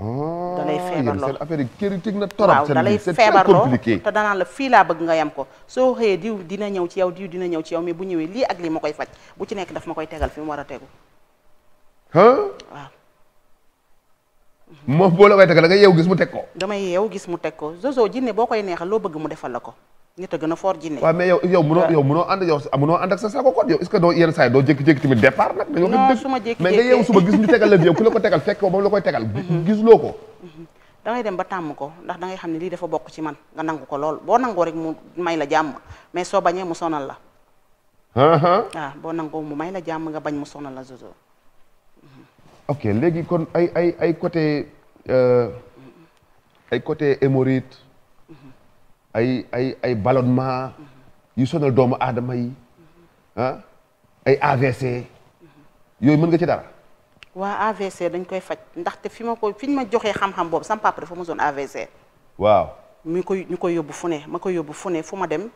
Ah, da lay feebarloo seen affaire yi kër teg na torop seen lay feebarloo te danaan la fii laa bëgg nga yem ko soo xëyee diw dina ñëw ci yow diw dina ñëw ci yow mais bu ñëwee lii ak lii ma koy faj bu ci nekk daf ma koy tegal fi mu war a tegu waaw moom boo la koy tegal da ngay gis mu teg ko damay yeew gis mu teg ko zozo jinne boo koy neexal loo bëgg mu defal la ko ñett a na a fort jinne waaw mais yow yow mënoo yow mënoo ànd yow mënoo ànd ak sa saako koot yow est doo yenn saa yi départ nag dañoo non su ma jékki mais nga yeewu suba gis ñu tegal la yow ku la ko tegal fekk ko ba la koy tegal mm-hmm. gisuloo ko mm-hmm. da dem ba tàmm ko ndax da xam ne lii dafa bokk ci man nga nangu ko lool boo nangoo rek mu may la jàmm mais soo bañee mu sonal la waaw uh-huh. ah, boo nangoo mu may la jàmm nga bañ mu sonal la zozo mm-hmm. ok léegi kon ay ay ay côté euh, ay côté hémorroïde ay ay ay ballonnement yu sonal doomu aadama yi ah ay yooyu mën nga ci dara. waa AVC dañ koy faj ndaxte fi ma ko fi ñu ma joxee xam-xam boobu sama papa dafa mosoon AVC. waaw mi koy ñu koy yóbbu fu ne ma ko yóbbu fu ne fu ma dem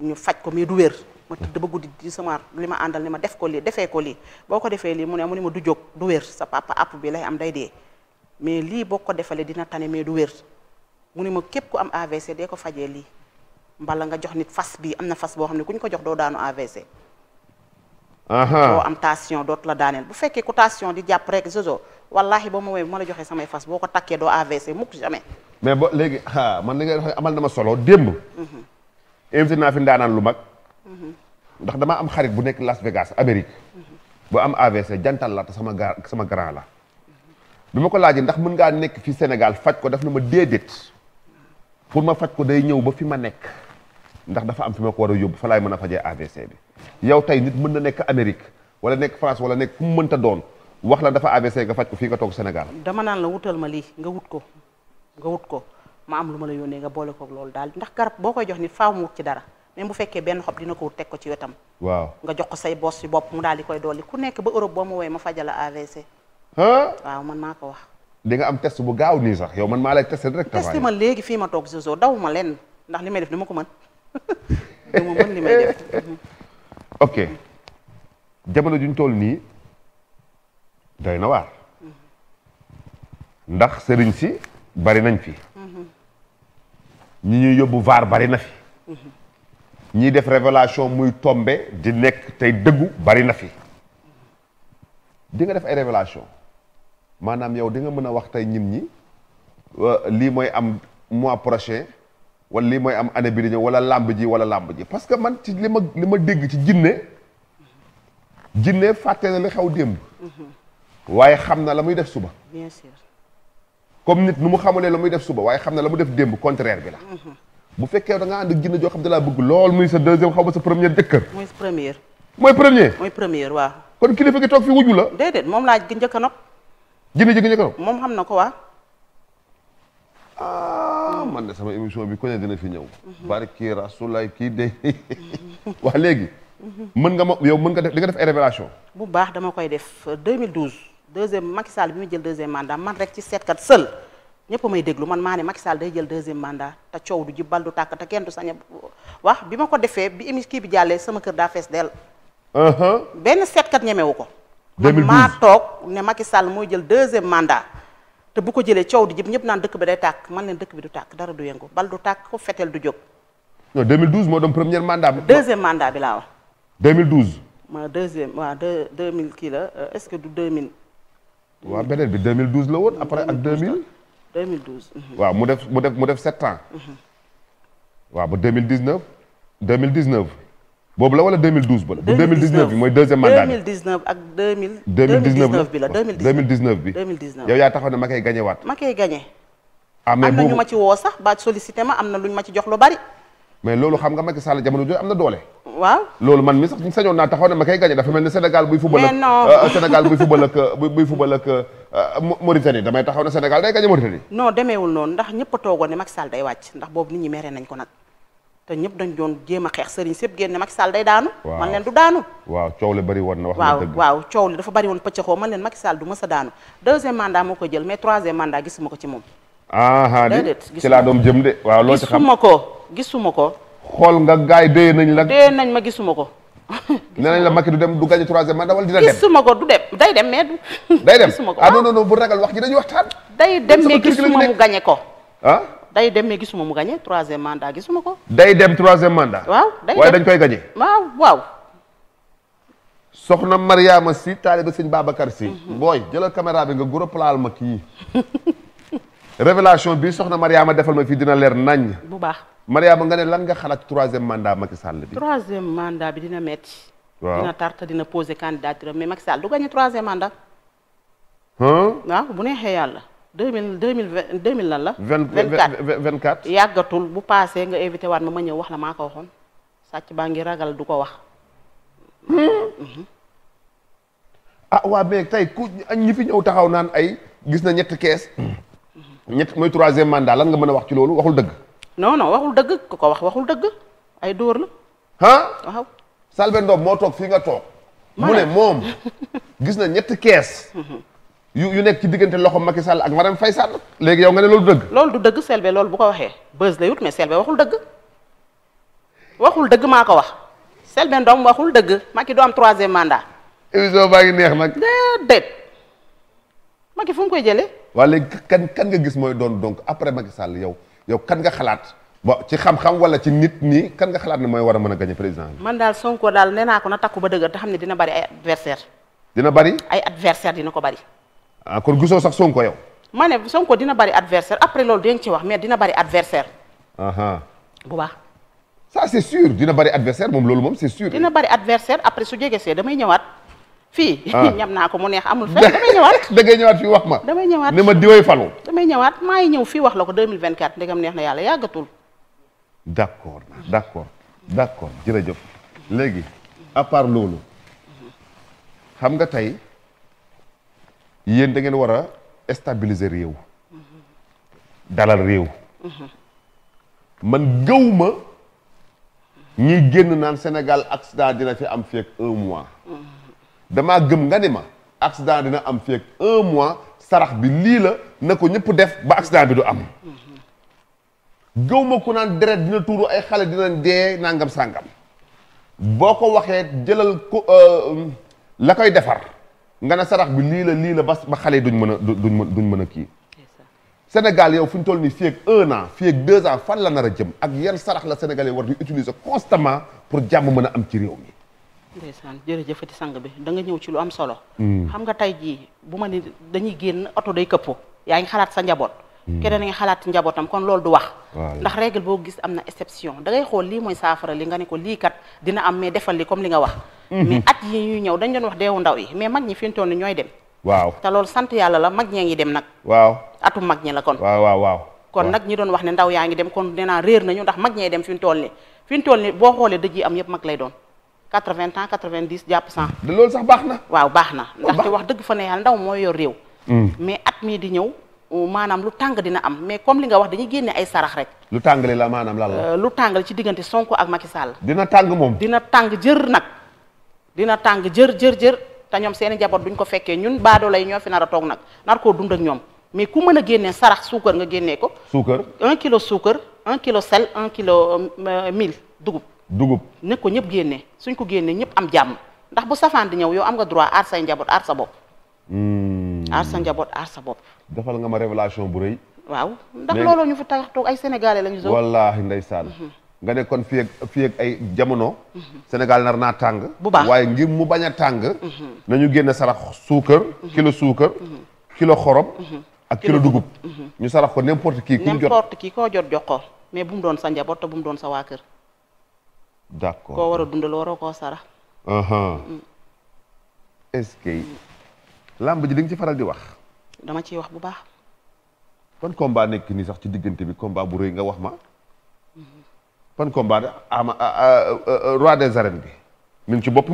ñu faj ko mais du wér. ma tëdd ba guddi di sama li ma àndal ni ma def ko lii defee ko lii boo ko defee lii mu ne mu ne ma du jóg du wér sa papa app bi lay am day dee mais lii boo ko defalee dina tane mais du wér. mu ne ma képp ku am AVC dee ko fajee lii mbala nga jox nit fas bii am na fas boo xam ne ku ñu ko jox doo daanu AVC. boo am tension dootu la daaneel bu fekkee ku tension di jàpp rek zozo wallahi boo ma woowee bu ma la joxee samay fas boo ko takkee doo AVC mukk jamais. mais bo léegi ah man li nga wax amal na ma solo démb. Mhm. invité naa fi ndaanaan lu mag. Mhm. ndax dama am xarit bu nekk Las Vegas Amérique. Mhm. bu am AVC jantal la te sama gar sama grand la. bi ma ko laajee ndax mën ngaa nekk fii Sénégal ko daf na ma déedéet. pour ma faj ko day ñëw ba fi ma nekk ndax dafa am fi ma ko war a yóbbu fa laay mën a fajee AVC bi yow tey nit mën na nekk Amérique wala nekk France wala nekk fu mënta doon wax la dafa AVC nga faj fii nga toog senegal dama naan la wutal ma lii nga wut ko nga wut ko ma am lu ma la yónnee nga boole koog loolu daal ndax garab boo koy jox nit faaw mu wut ci dara même bu fekkee benn xob dina ko wut teg ko ci wetam. waaw nga jox ko say bos si bopp mu daal di koy dolli ku nekk ba Europe boo ma woowee ma fajala AVC. waaw man maa ko wax. di nga am test bu gaaw nii sax yow man maa lay testé rek. testé ma léegi fii ma toog Zozo daw ma leen ndax li may def dama ko mën dama may def. ok jamono juñ toll nii doy na waar. ndax sëriñ si bari nañ fi. ñi ñuy yóbbu vaar bari na fi. ñiy def révélation muy tombe di nekk tey dëggu bari na fi. di nga def ay révélation maanaam yow di nga mën a wax tey ñin ñi lii mooy am mois prochain wala lii mooy am année bi di ñëw wala làmb ji wala làmb ji parce que man ci li ma li ma dégg ci jinne jinne fàtte na li xew démb mm-hmm. waaye xam na la muy def suba bien sûr comme nit nu mu xamulee la muy def suba waaye xam na la mu def démb contraire bi la mm-hmm. bu fekkee da nga ànd ak jinne joo xam da bëgg lool muy sa deuxième xaw ma sa première jëkkër mooy première mooy première mooy première waaw kon ki gi toog fi wuju la déedéet moom laa njëkk a nopp jinne ji nga ko moom xam na ko waa ah, man de sama émission bi ku ne dina fi ñëw mhm. barki rasulaay kii de wax léegi mhm. mën nga ma yow mën nga def di nga def ay révélation bu baax dama koy def 2012 euh, deuxième Macky Sall bi mu jël deuxième mandat man rek ci seetkat seul ñëpp may déglu man maa ne Macky day jël deuxième mandat te coow du ji bal du tàkk te kenn du sañ a wax bi ma ko defee bi émi kii bi jàllee sama kër daa fees dell uh-huh. benn seetkat ñemewu ko 2012 maa toog ne Macky Sall mooy jël deuxième mandat te bu ko jëlee coow di jëm ñëpp naan dëkk bi day tàkk man leen dëkk bi du tàkk dara du yëngu bal du tàkk ko fetel du jóg. non 2012 moo doon premier mandat bi. deuxième mandat bi laa wax. 2012. ma deuxième waaw deux 2000 kii la euh, est-ce que du 2000. waaw beneen bi 2012 la woon après ak 2000. 2012. waaw mu def mu def mu def sept ans. Mhm. waaw ba 2019. 2019. boobu la wala 2012 ba la. bi mooy deuxième mandat bi 2019 ak 2000. 2019 bi la 2019 bi 2019 yaa taxaw ne ma koy gagné waat. ma koy gagné. Ah, am na ñu ma ci jox lu bari. mais loolu xam nga Macky Sall jamono jooju am na doole. waaw loolu man mi sax sañoon naa taxaw ne ma koy gagné dafa mel ni Sénégal buy football ak. mais non euh, Sénégal buy football ak euh, buy football ak euh, Mauritanie damay taxaw ne Sénégal day gagné Mauritanie. non demeewul noonu ndax ñëpp a toogoon ne Macky Sall day wàcc ndax boobu nit ñi mere nañ ko nag te ñëpp dañ doon jéem a xeex sëriñ sëpp génne Macky Sall day daanu man leen du daanu waaw coow li bëri woon na wax waaw waaw coow li dafa bëri woon pëccaxoo man leen Macky du mës a daanu deuxième mandat moo ko jël mais troisième mandat gisuma ko ci moom aha déedéet ci doom jëm de waaw loo ci xam gisuma ko gisuma ko xool nga gaay dee nañ la dee nañ ma gisuma ko nee nañ la Macky du dem du gagné troisième mandat wala dina dem gisuma ko du dem day dem mais du day dem gisuma ko ah non non bu ragal wax ji dañuy waxtaan day dem mais gisuma mu gagné ko ah day dem mais gisuma mu gagné troisième mandat gisuma ko. day dem troisième mandat. waaw day dem waaye dañ koy gagné. waaw waaw. soxna Mariama si taaliba sëñ Babacar si. Mhm. booy jëlal caméra bi nga goro plaal ma kii. révélation bi soxna Mariama defal ma fii dina leer nañ bu baax Mariama nga ne lan nga xalaat troisième manda Macky Sall bi. troisième bi dina metti waaw dina tarte dina poser candidature mais Macky Sall du gagné troisième mandat. waaw bu neexee yàlla. deux mille deux mille vingt deux mille lan la. vingt quatre yàggatul bu paasee nga invité waan ma ma ñëw wax la maa ko waxoon sàcc baa ngi ragal du ko wax. Hmm? ah waa mais tey ku ñi fi ñëw taxaw naan ay gis na ñetti kees. ñett mooy troisième mandat lan nga mën a wax ci loolu waxul dëgg. non non waxul dëgg ku ko wax waxul dëgg ay dóor la. ah waaw. Selbé moo toog fii nga toog. mu ne moom gis na ñetti kees. Mhm. yu yu nekk ci diggante loxo Macky Sall ak madame Faye Sall léegi yow nga ne loolu du dëgg. loolu du dëgg Selbé loolu bu ko waxee buzz lay wut mais Selbé waxul dëgg maa ko wax Selbé Ndom waxul dëgg Macky du am troisième mandat. émission baa ngi neex nag. déedéet Macky fu koy jëlee. waa léegi kan kan nga gis mooy doon donc après Macky Sall yow yow kan nga xalaat. bon ci xam-xam wala ci nit nii kan nga xalaat ne mooy war a mën a man daal Sonko daal nee naa ko na takku ba dëgër te xam ne dina bari ay adversaire dina bari. ay adversaire dina ko bari. ah kon gisoo sax Sonko yow. ma ne Sonko dina bari adversaire après loolu di nga ci wax mais dina bari adversaire. bu baax. ça c'est sûr dina bari adversaire moom loolu moom c'est sûr. dina bari adversaire après su jegesee damay ñëwaat. fii ah. ñam naa ko mu neex amul fenn damay ñëwaat da ñëwaat fii wax ma damay ñëwaat ne ma diway falu damay ñëwaat maa ngi ñëw fii wax la ko 2024 ndegam neex na yàlla yàggatul d'accord d'accord d'accord jërëjëf léegi à part loolu xam nga tey yéen da ngeen war a stabiliser réew dalal réew man gëw ma génn naan Sénégal accident dina fi am fii ak un mois damaa gëm nga ni ma accident dina am fii ak un mois sarax bi lii la na ko ñëpp def ba accident bi du am gëw ma ku naan deret dina tuuru ay xale dina dee nangam sàngam boo ko waxee jëlal ko euh, la koy defar nga ne sarax bi lii la lii la ba ba xale yi duñ mën a duñ mën duñ mën a kii. Sénégal yow fu ñu toll nii fii ak un an fii ak deux ans fan la nar a jëm ak yan sarax la sénégalais war di utiliser constamment pour jàmm mën a am ci réew mi. ndeysaan jërëjëfati sang bi da nga ñëw ci lu am solo. Hmm. xam nga tey jii bu ma ni dañuy génn oto day këppo yaa ngi xalaat sa njaboot. keneen nga xalaat njabootam kon loolu du wax ndax règle boo gis am na exception da ngay xool lii mooy saafara li nga ne ko lii kat dina am mais defal li nga wax mhm. at yi ñuy ñëw dañ doon wax deewu ndaw yi mais mag ñi fi ñu toll ñooy dem waaw te loolu sant yàlla la mag ñee ngi dem nag waaw atum mag ñi la kon waaw waaw waaw kon nag ñi doon wax ne ndaw yaa ngi dem kon nee naa réer nañu ndax mag ñee dem fi ñu toll ni fi toll boo xoolee dëj yi am yëpp lay doon 80 ans 90 jàpp 100 loolu sax baax na waaw baax na ndaxte wax dëgg fa ne yàlla ndaw mooy yor réew mm. mais at mii di ñëw maanam lu tàng dina am mais comme li nga wax dañuy génne ay sarax rek. lu tàngale la maanaam lan la. Euh, lu tàngale ci diggante Sonko ak Macky Sall. dina tàng moom. dina tàng jër nag dina tàng jër jër jër te ñoom seen i njaboot duñ ko fekkee ñun baadoo lay ñoo fi nar a toog nag nar koo dund ak ñoom mais ku mën a génnee sarax suukar nga génnee ko. suukar un kilo suukar un kilo sel un kilo euh, mil dugub. dugub ne ko ñëpp génnee suñ ko génnee ñëpp am jàmm ndax bu safaan di ñëw yow am nga droit aar say njaboot aar sa bopp. Hmm. Mm. aar sa njaboot aar sa bopp. defal nga ma révélation bu rëy. waaw ndax looloo ñu fi tax toog ay sénégalais lañu. zone wallaahi ndeysaan. Mm-hmm. nga ne kon fii ay jamono. Mm-hmm. Sénégal nar naa tàng. bu baax waaye ngir mu bañ a tàng. Mm-hmm. nañu génn sarax suukar. kilo suukar. kilo xorom. ak kilo dugub. ñu sarax ko n'importe kii ku jot jot jox ko mais bu mu doon sa njaboot te bu mu doon sa waa kër. d'accord koo war a dundal waroo koo sarax. Uh-huh. Mm. est làmb ji li ci faral di wax. dama ciy wax bu baax. ban combat nekk nii sax ci diggante bi combat bu rëy nga wax ma. ban combat da ah, ama ah, ah, euh, euh, roi des arènes bi. mi ngi ci bopp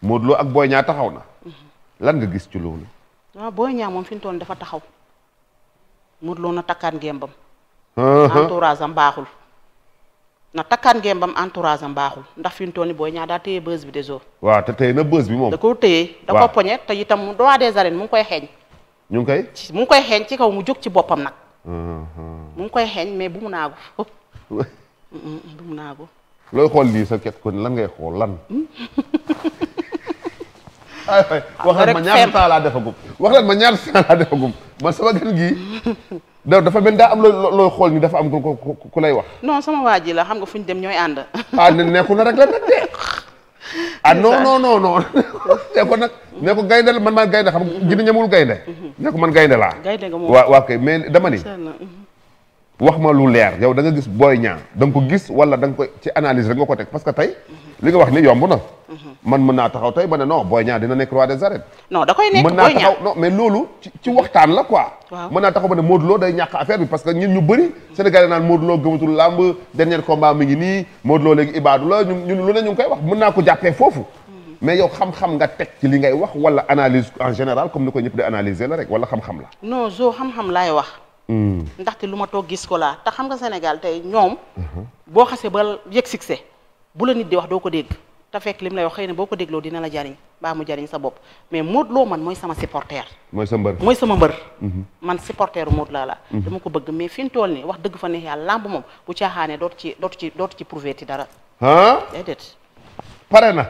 Modou Lo. ak booy ñaar taxaw na. lan nga gis ci loolu. booy Boy moom fi mu dafa taxaw. Modou na takkaat ngembam. Uh-huh. entourage am baaxul. na takkaan ngeen bam entourage am baaxul ndax fi mu toll nii booy ñaar daa bës bi déjà. waaw te téye na bës bi moom. da koo téye da koo poñe te itam mu droit des arènes mu ngi koy xeeñ. ñu kay koy. mu koy xeeñ ci kaw mu jóg ci boppam nag. Mm-hmm. mu ngi koy xeeñ mais bu mu naagu. bu mu naagu. looy xool lii sa ket kon lan ngay xool lan. wax leen ma ñaar saa laa defagum. wax leen ma ñaar saa laa defagum man sama gii da dafa mel daa am looy looy xool ni dafa am ku lay wax. non sama waa ji la xam nga fu ñu dem ñooy ànd. ah nekkul na rek la nag de. ah non non non non. ne ko nag ne ko gaynde la man maa gaynde xam nga jinne ñamul gaynde. Mhm. ne ko man gaynde laa. gaynde nga moom waaw waaw kay mais dama ni. wax ma lu leer yow da nga gis booy ñaa da nga ko gis wala da nga ko ci analyse rek nga ko teg parce que tey li nga wax ni yomb na man mën naa taxaw tey ma ne non booy ñaa dina nekk roi des arènes non da koy nekk mën naa taxaw non mais loolu ci ci waxtaan la quoi mën naa taxaw ma ne Modou Lo day ñàkk affaire bi parce que ñun ñu bëri Sénégalais naan Modou Lo gëmatul làmb dernier combat mi ngi nii Modou Lo léegi ibaadu la ñun ñun lu ne ñu ngi koy wax mën naa ko jàppee foofu mais yow xam-xam nga teg ci li ngay wax wala analyse en général comme ni ko ñëpp di analyser la rek wala xam-xam la non zo xam-xam laay wax Mm. ndaxte lu ma toog gis ko laa te xam nga Sénégal tey ñoom. boo xasee ba yëg se bu la nit di wax doo ko dégg te fekk lim lay wax xëy ne boo ko dégloo dina la jariñ baa mu jariñ sa bopp mais Modou Lo man mooy sama supporter. mooy sa mbër mooy sama mbër. Mm-hmm. man supporteru Modou Lo la. Mm-hmm. dama ko bëgg mais fi mu toll nii wax dëgg fa ne yàlla làmb moom bu caaxaanee dootu ci dootu ci dootu ci prouvé ti dara. ah na.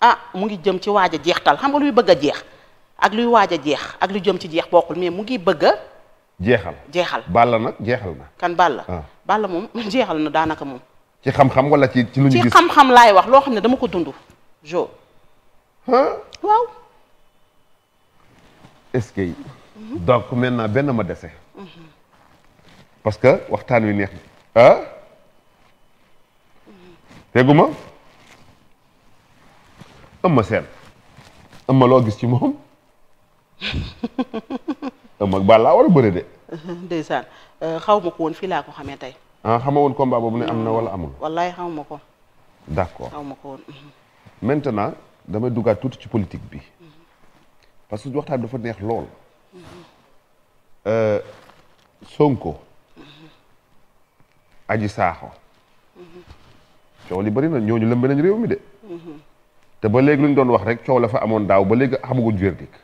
ah mu ngi jëm ci waaj a jeextal xam nga luy bëgg a jeex ak luy waaj a jeex ak lu jëm ci jeex bokkul mais mu ngi bëgg a jeexal jeexal Balla nag jeexal na. kan Balla. Ah. Balla moom jeexal na daanaka moom. ci xam-xam wala ci ci lu ñu gis ci xam-xam laay wax loo xam ne dama ko dund. jo. waaw. est-ce que. donc benn ma dese. parce que waxtaan wi neex na. ah. teguma. ëmma seen. ëmma loo gis ci moom. ëmb ak Balla war a de. Euh, xaw ma ko woon fii laa ko xamee tey. ah xama woon ko mbaa boobu ne am na wala amul. wallaay xaw ma ko. d' accord xaw ma ko woon. Mhm. maintenant damay duggaat tuuti ci politique bi. Mhm. parce que waxtaan dafa neex lool. Mhm. Euh, Sonko. Aji Saaxo. coow li bëri na ñooñu lëmbe nañ réew mi de. te ba léegi lu ñu doon wax rek coow la fa amoon daaw ba léegi xamaguñ verdict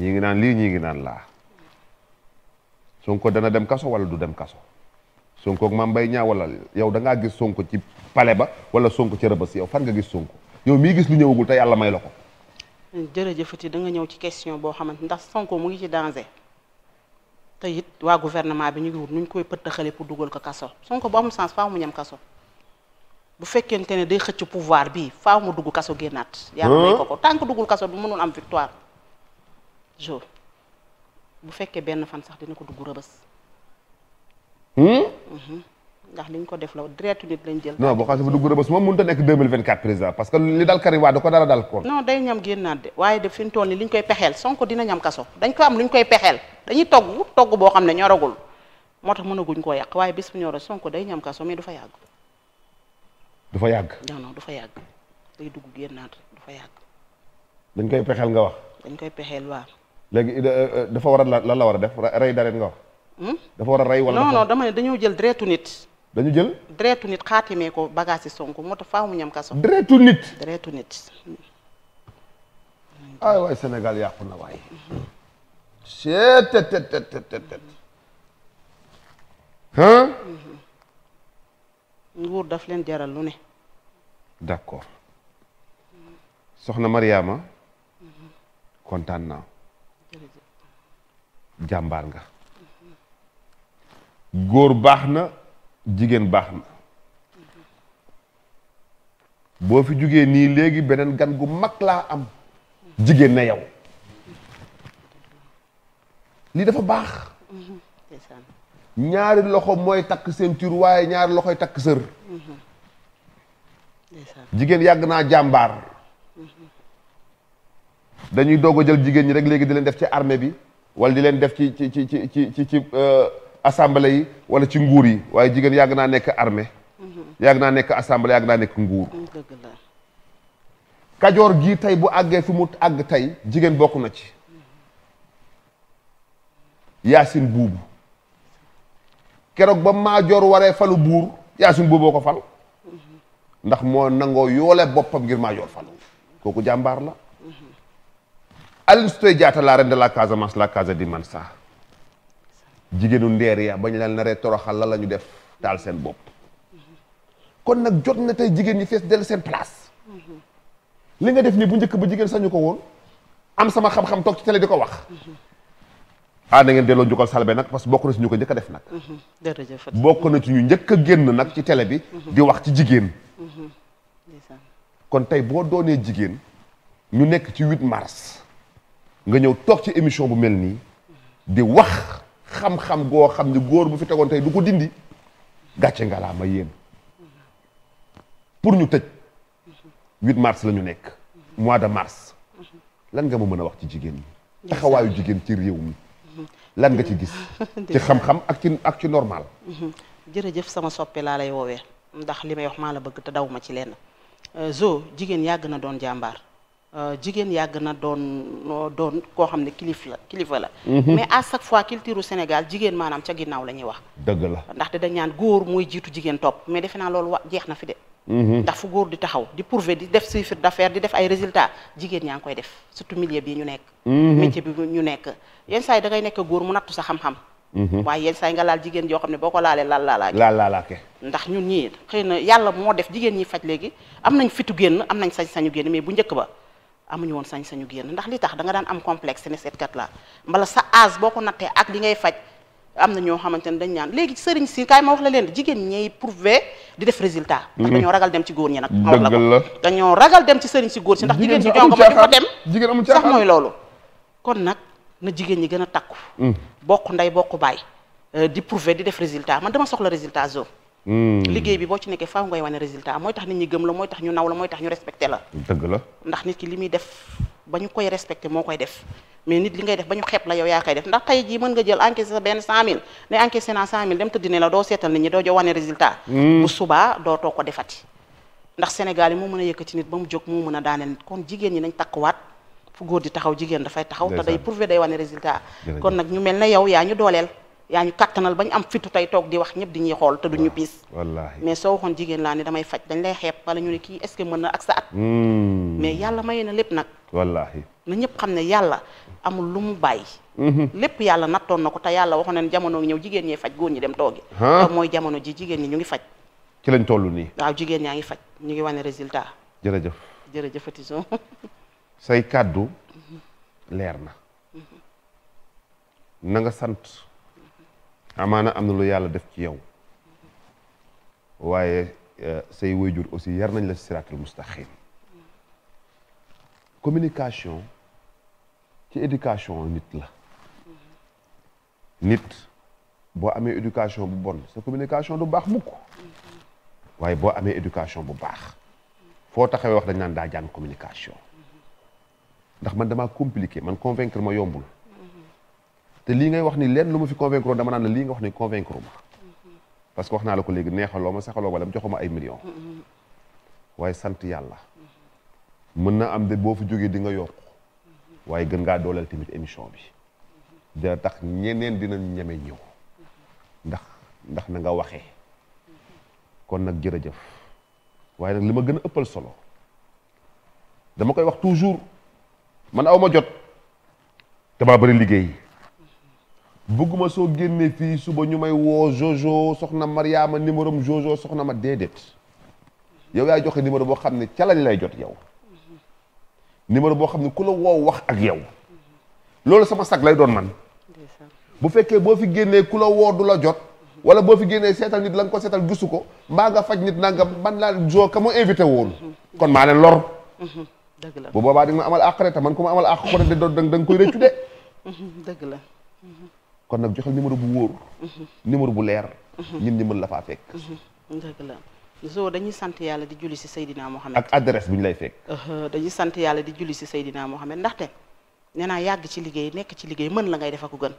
ñii ngi naan lii ñii ngi naan laa Sonko dana dem kaso wala du dem kaso Sonko maam bay Mbaye Niang wala yow da ngaa gis Sonko ci pale ba wala Sonko ci rëbës yow fan nga gis Sonko yow mii gis lu ñëwagul te yàlla may la ko. jërëjëfati da nga ñëw ci question boo xamante ndax Sonko mu ngi ci danger te it waa gouvernement bi ñu ngi wut nu ñu koy pëttaxale pour dugal ko kaso Sonko bu amul sens faaw mu ñam kaso. bu fekkente ne day xëcc pouvoir bi faaw mu dugg kaso génnaat. yàlla may ko ko kaso bi mënul am victoire. jo bu fekkee benn fan sax dina ko dugg rëbës. Hmm? Mhm. ndax liñ ko def la deretu nit lañ jël. non boo xam ne bu dugg rëbës moom mënut a nekk 2024 président parce que li dal Karim Wade da ko dara dal ko. non day ñam génnaat de waaye de fi mu toll liñ koy pexeel Sonko dina ñam kaso dañ ko am luñ koy pexeel dañuy togg togg boo xam ne ñoragul moo tax mënaguñ koo yàq waaye bis bu ñoree Sonko day ñam kaso mais du fa yàgg. du fa yàgg. non non du fa yàgg dugg génnaat du fa yàgg. dañ koy pexeel nga wax. dañ koy pexeel waaw. léegi euh, euh, dafa war a lan la war a def rey deret nga wax. Hmm? dafa war a rey wala. non non dama dañoo jël deretu nit. dañu jël. deretu nit xaatimee ko bagage yi Sonko moo tax faaw mu ñam kaso. deretu nit. deretu nit. ay soxna Mariama kontaan naa. jàmbaar nga góor baax na jigéen baax na boo fi jógee nii léegi beneen gan gu mag laa am jigéen na yow lii dafa baax ñaari loxo mooy takk ceinture waaye ñaari loxoy takk sër jigéen yàgg naa jàmbaar dañuy doog jël jigéen ñi rek léegi di leen def ci armée bi wala di leen def ci ci ci ci ci ci ci euh, assemblée yi wala ci nguur yi waaye jigéen yàgg naa nekk armée mm-hmm. yàgg naa nekk assemblée yàgg naa nekk nguur mm, kajoor gii tey bu àggee fi mu àgg tey jigéen bokk na ci yaasin buubu keroog ba maajoor waree falu buur yaasin buuboo ko fal mm-hmm. ndax moo nangoo yoole boppam ngir maajoor falu kooku jàmbaar la Aline Sitoé Diatta la reine de la Casamance la Casa di Mansa jigéenu ndeer ya bañ leen naree toroxal la la ñu def daal seen bopp kon nag jot na tey jigéen ñi fees dell seen place mhm. li nga def nii bu njëkk ba jigéen sañu ko woon am sama xam-xam toog ci télé di ko wax mhm. ah na ngeen delloo njukkal Selbé nag parce que bokk na ci ñu ko njëkk def nag mhm. bokk na ci ñu njëkk a génn nag ci télé bi di wax ci jigéen kon tey boo doonee jigéen ñu nekk ci 8 mars nga ñëw toog ci émission bu mel nii di wax xam-xam goo xam ni góor bu fi tegoon tey du ko dindi gàcce nga laa ma yéen pour ñu tëj 8 mars la ñu nekk mois de mars lan nga ma mën a wax ci jigéen ñi taxawaayu jigéen ci réew mi lan nga ci gis ci xam-xam ak ci ak ci normal jërëjëf sama soppe laa lay woowee ndax li may wax maa la bëgg te daw ma ci lenn euh, zo jigéen yàgg na doon jàmbaar Euh, jigéen yàgg na doon doon koo xam ne kilifa kilifa la. Mhm. mais à chaque fois culture u Sénégal jigéen maanaam ca ginnaaw la ñuy wax. dëgg la ndaxte da ñaan góor muy jiitu jigéen topp mais defe naa loolu wa jeex na fi de. Mhm. ndax fu góor di taxaw di prouver di def chiffre d'affaires di def ay résultat jigéen ñaa ngi koy def surtout milieu bi ñu nekk. Mhm. métier bi ñu nekk yenn saa yi da ngay nekk góor mu nattu sa xam-xam. waaye yenn saa nga laal jigéen joo xam ne boo ko laalee laal laalaake. laal laalaake. ndax ñun ñii xëy na yàlla moo def jigéen ñi faj léegi am nañ fitu génn am nañ sañ-sañu génn mais bu njëkk ba amuñu woon sañ-sañu génn ndax li tax danga daan am complexe ne seetkat la mbala sa âge boo ko nattee ak li ngay faj am na ñoo xamante ne dañ ñaan léegi sëriñ si kaay ma wax la leen jigéen ñay prouvé di def résultat ndax mhm. dañoo ragal dem ci góor ñi nag ma wax la ko dañoo ragal dem ci sëriñ si góor si ndax jigéen si jonga ma di fa dem jigéen sax mooy loolu kon nag na jigéen ñi gën a takku mhm. bokk ndey bokk baay euh, di prouvé di def résultat man dama soxla résultat zo Hmm. liggéey bi boo ci nekkee faaw ngay wane résultat mooy tax nit ñi gëm la mooy tax ñu naw la mooy tax ñu respecté la dëgg la ndax nit ki li muy def ba ñu koy respecté moo koy def mais nit li ngay def ba ñu xepp la yow yaa koy def ndax tey jii mën nga jël encaissé sa benn 100000 ne encaissé naa 100000 dem tëdd ne la doo seetal nit ñi doo jo wane résultat hmm. ndax Sénégal yi moo mën a yëkkati nit ba mu jóg moo mën a daaneel nit kon jigéen ñi nañ takkuwaat fu góor di taxaw jigéen dafay taxaw te day prouver day wane résultat kon nag ñu mel ne yow yaa ñu dooleel yaa ñu kattanal bañ am fitu tey toog di wax ñëpp di ñuy xool te duñu piis wallaahi mais soo waxoon jigéen laa ni damay faj dañ lay xeeb wala ñu ne kii est-ce que mën na ak sa at hmm. mais yàlla may na lépp nag wallaahi na ñëpp xam ne yàlla amul lu mu bàyyi mm-hmm. lépp yàlla nattoon na ko te yàlla waxoon na ne jamono ñëw jigéen ñi faj góor ñi dem toogi te mooy jamono ji jigéen ñi ñu ngi faj ci lañ toll nii waaw jigéen ñaa ngi faj ñu ngi wane résultat jërëjëf jërëjëfati so say kàddu mm-hmm. leer na mm-hmm. na nga sant amaana am na lu yàlla def ci yow waaye euh, say waajur aussi yar nañ la si siraatul mustaqim communication ci éducation nit la nit boo amee éducation bu bon sa communication du baax mukk waaye boo amee éducation bu baax foo taxawee wax dañ naan daa jàng communication ndax man damaa compliqué man convaincre ma yombul lii ngay wax ni lenn lu ma fi convaincre dama naan la lii nga wax ni convaincre ma parce que wax naa la ko léegi neexaloo ma saxaloo wala joxuma ay millions mm-hmm. waaye sant yàlla mën na am de boo fa jógee di nga yokk mm-hmm. waaye gën ngaa dooleel tamit émission bi mm-hmm. dina tax ñeneen dinañ ñeme ñëw ndax ndax na nga waxee kon nag jërëjëf waaye nag li ma gën a ëppal solo dama koy wax toujours man aw ma jot damaa bëri liggéey bëgguma soo génnee fii suba ñu may woo Jojo soxna Mariama numéro am Jojo soxna ma déedéet yow yaay joxe numéro boo xam ne ca lañ lay jot yow numéro boo xam ne ku woo wax ak yow loolu sama sag lay doon man bu fekkee boo fi génnee ku la woo du la jot wala boo fi génnee seetal nit la ko seetal gisu ko mbaa nga faj nit nangam man laa joo ka ma invité woon kon maa leen lor dëgg la bu boobaa di nga ma amal àq rek man ko ma amal àq ko de da nga koy rëccu de la kon nag joxel numéro bu wóor. Mhm. numéro bu leer. Mhm. ñun ñu mën la faa fekk. Mhm. dëgg la so dañuy sant yàlla di julli si Seydina Mohamed. ak adresse bu ñu lay fekk. Uh-huh. dañuy sant yàlla di julli si Seydina Mohamed ndaxte nee naa yàgg ci liggéey nekk ci liggéey mën la ngay def ak ku gën.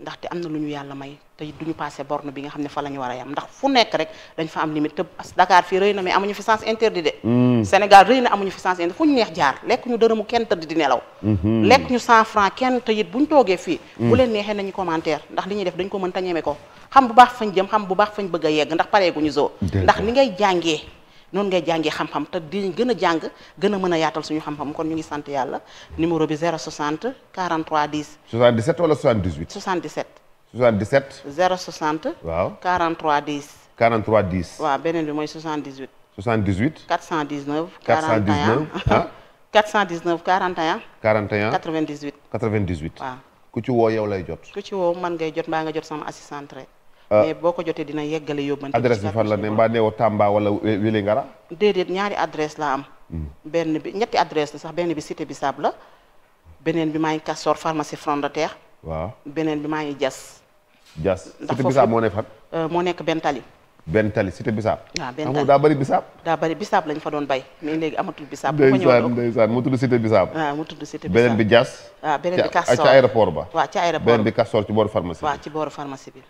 ndaxte am na lu ñu yàlla may te du ñu passé borne bi nga xam ne fa la ñu war a yam ndax fu nekk rek dañ fa am limite te Dakar fii rëy na mais amuñu fi sens interdit de. Hmm. Sénégal rëy na amuñu fi sens interdit fu ñu neex jaar lekk ñu dërëmu kenn tëdd di nelaw. Hmm. lekk ñu cent franc kenn te it bu ñu toogee fii. Hmm. bu leen neexee nañu commentaire ndax li ñuy def dañ ko mën ñeme ko xam bu baax fañ jëm xam bu baax fañ bëgg a yegg ndax pareeguñu zoo. ndax ni ngay noonu ngay jàngee xam-xam te di gën a jàng gën a mën a yaatal suñu xam-xam kon ñu ngi sant yàlla numéro bi 060 43 10. 77 wala 78. 77. 77. 060. waaw 43 10. 43 10. waaw beneen bi mooy 78. 78. 419. 419 ah. 419 41. 41 98. 98 waaw. ku ci woo yow lay jot. ku ci woo man ngay jot mbaa nga jot sama assistante rek. Euh, mais boo ko jotee dina yeggale yóbbante adresse bi fan la ne mbaa neewoo Tamba wala Vélingara déedéet ñaari adresse la am hmm. benn bi ñetti adresse la sax benn bi cité Bissab la beneen bi maa ngi Castor pharmacie Front de Terre waaw beneen bi maa ngi Diass Diass cité moo ne euh, nekk benn tali benn tali cité bisaab waaw benn tali daa bisaab daa bëri bisaab lañ fa doon bay mais léegi amatul bisaab ndeysaan ndeysaan bisaab waaw mu bisaab bi Diass waaw beneen bi Castor ca aéroport ba waaw ca aéroport bi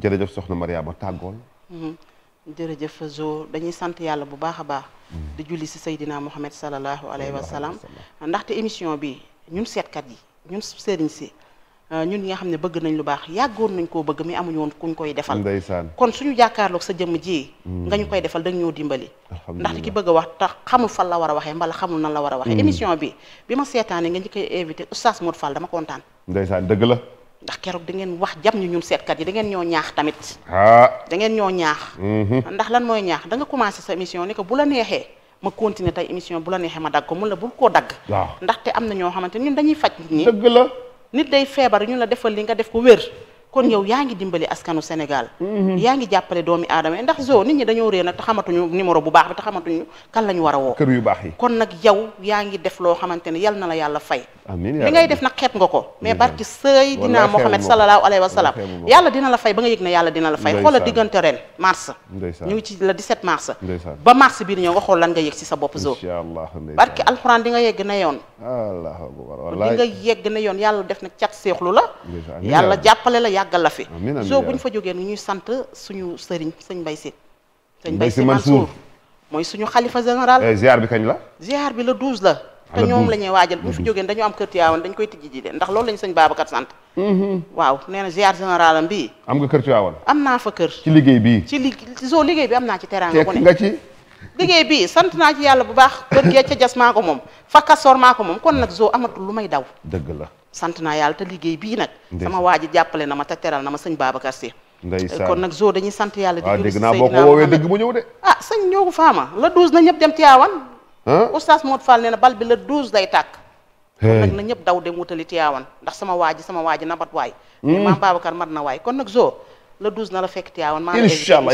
jërëjëf soxna Mariama tàggool mhm. jërëjëf zo dañuy sant yàlla bu baax a baax mhm. di julli si Seydina Muhammad sallallahu alayhi wa sallam ndaxte émission bi ñun seetkat yi ñun sëriñ si euh, ñun ñi xam ne bëgg nañ lu baax yàggoon nañ koo bëgg mi amuñu woon kuñ koy defal ndeysaan kon suñu jàkkaarloog sa jëmm ji mhm. nga ñu koy defal dañ ñoo dimbali ndaxte ki bëgg wax tax xamul fan la war a waxee mbala xamul na la war a waxee émission bi bi ma seetaanee nga ñu koy invité oustaz Modou Fall dama kontaan ndeysaan dëgg la ndax keroog da ngeen wax jam ñu ñun seetkat yi da ngeen ñoo ñaax tamit. dangeen ah. da ñoo ñaax. Mm-hmm. ndax lan mooy ñaax da nga commencé sa émission ni ko bu la neexee ma continuer tey émission bu la neexee ma dagg ko mun la bul koo dagg. waaw ndaxte am na ñoo xamante ñun dañuy faj nit ñi. dëgg la nit day feebar ñun la defal li nga def ko wér. kon yow yaa ngi dimbali askanu Sénégal mhm. yaa ngi jàppale doomi aadama yi ndax zo nit ñi dañoo réer nag te xamatuñu numéro bu baax bi te xamatuñu kan la ñu war a kon nag yow yaa ngi def loo xamante ne yal na la yàlla fay li ngay def nag xeet nga ko mais mhm. barki sëy dinaa Muhammad sallallahu alayhi wa yàlla dina la fay ba nga yëg ne yàlla dina la fay xoola diggante ren mars ñu ngi ci le 17 mars ba mars bopp zo barki alxuraan di nga yegg na yoon di yegg na yoon yàlla def na cat seexlu la yàlla jàppale la yàggal la fi soo buñ fa jógee nu ñuy sant suñu sëriñ sëñ Mbay Si sëñ Mbay Si Mansour mooy suñu xalifa général eh, ziar bi la ziar bi le douze la te ñoom la ñuy waajal buñ fa jógee dañu am kër Tiwaawan dañ koy tijji ji de ndax loolu lañu sëñ Babacar sant mm-hmm. waaw nee na ziar général am bii am nga kër Tiwaawan am naa fa kër ci liggéey bii ci li liggéey bi am naa ci teraanga bu ne nga ci liggéey bii sant naa ci yàlla bu baax kër a ca jas maa ko moom fa kasoor maa ko moom kon nag zoo amatul lu sant naa yàlla te liggéey bii nag sama waa ji jàppale na ma te teral na ma sëñ Babacar Si ndeysaan kon nag zo dañuy sant yàlla di ah, dégg naa boo ko woowee dëgg ñëw de ah sëñ ñoogu faama la douze na ñëpp dem Tiwaawan oustaz Modou Fall nee na bal bi la douze day takk nag na ñëpp daw dem wutali Tiwaawan ndax sama waaji ji sama waa ji na mat waay mais hmm. maam Babacar mat na waay kon nag zo le 12 na la fekk Tiwaawan maa la invité incha allah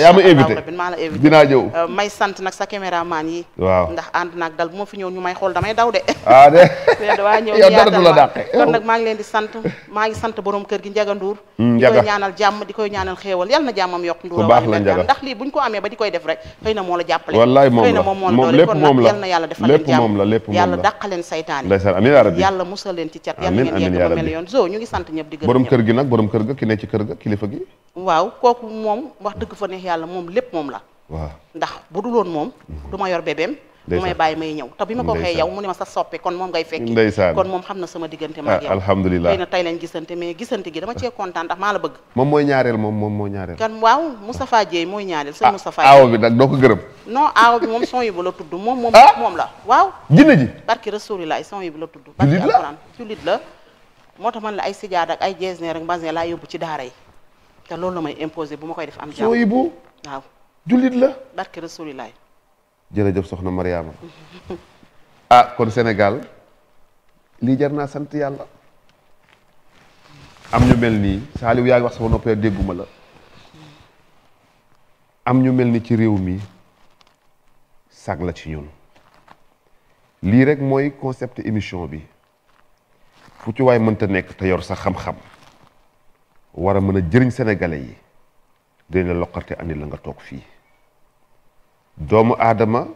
maa la invité dinaa ñëw euh, may sant nag sa caméraman yi waaw ndax ànd naag dal bu ma fi ñu may xool damay daw de ah de maa ngi leen di sant maa ngi sant borom kër gi Njaga Nduur mm, di koy ñaanal jàmm di koy ñaanal xéewal yal na jàmmam yokk nduur baax la Njaga ndax lii buñ ko amee ba di koy def rek xëy na moo la jàppale wallaay moom la moom na yàlla defal leen jàmm nag borom kër ga ki ci kër ga kilifa gi waaw waaw kooku moom wax dëgg fa neex yàlla moom lépp moom la. waaw ndax bu dul woon moom. Mhm. du ma yor bébéem. mu may bàyyi may ñëw te bi ma ko waxee yow mu ne ma sa soppe kon moom ngay fekki kon ah, la bëgg moom mooy ñaareel moom moom mooy ñaareel kan waaw Moustapha Dieye mooy ah, bi nag doo ko gërëm non aaw bi moom son yi bu la tudd moom moom ah! moom la waaw jinne ji barki rasulilah son yi bu la tudd jullit la moo tax man la ay sijaada ak ay jeesne rek mbasin laa yóbbu ci daara te loolu la may imposé bu ma koy def am jàmm sooy bu waaw jullit la barke rasulilaay jërëjëf soxna Mariama ah kon Sénégal lii jar naa sant yàlla am ñu mel nii Saliou yaa ngi wax sama noppee dégguma la am ñu mel ni ci réew mi sag la ci ñun lii rek mooy concept émission bi fu ci waay mënta nekk te yor sax xam-xam war a mën a jëriñ sénégalais yi dina la loqarte andi la nga toog fii doomu aadama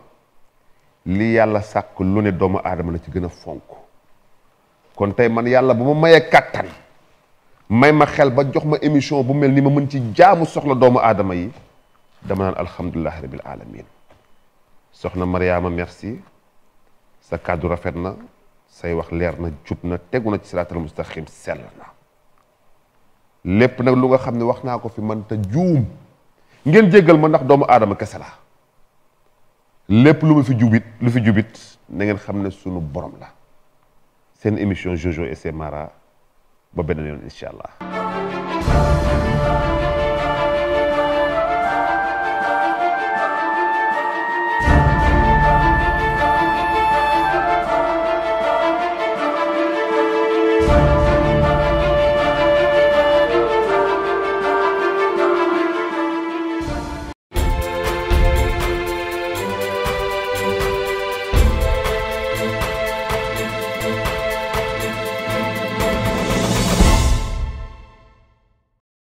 li yàlla sàkk lu ne doomu aadama la ci gën a fonk kon tey man yàlla bu ma mayee kàttan may ma xel ba jox ma émission bu mel ni ma mën ci jaamu soxla doomu aadama yi dama naan alhamdulilahi rabil alamin soxna Mariama merci sa kàddu rafet na say wax leer na jub na tegu na ci siraatal mustaqim sell na lépp nag lu nga xam ne wax naa ko fi man te juum ngeen jéggal ma ndax doomu aadama kese la lépp lu ma fi jubit lu fi jubit na ngeen xam ne sunu borom la seen émission Jojo et ses maras ba beneen yoon incha allah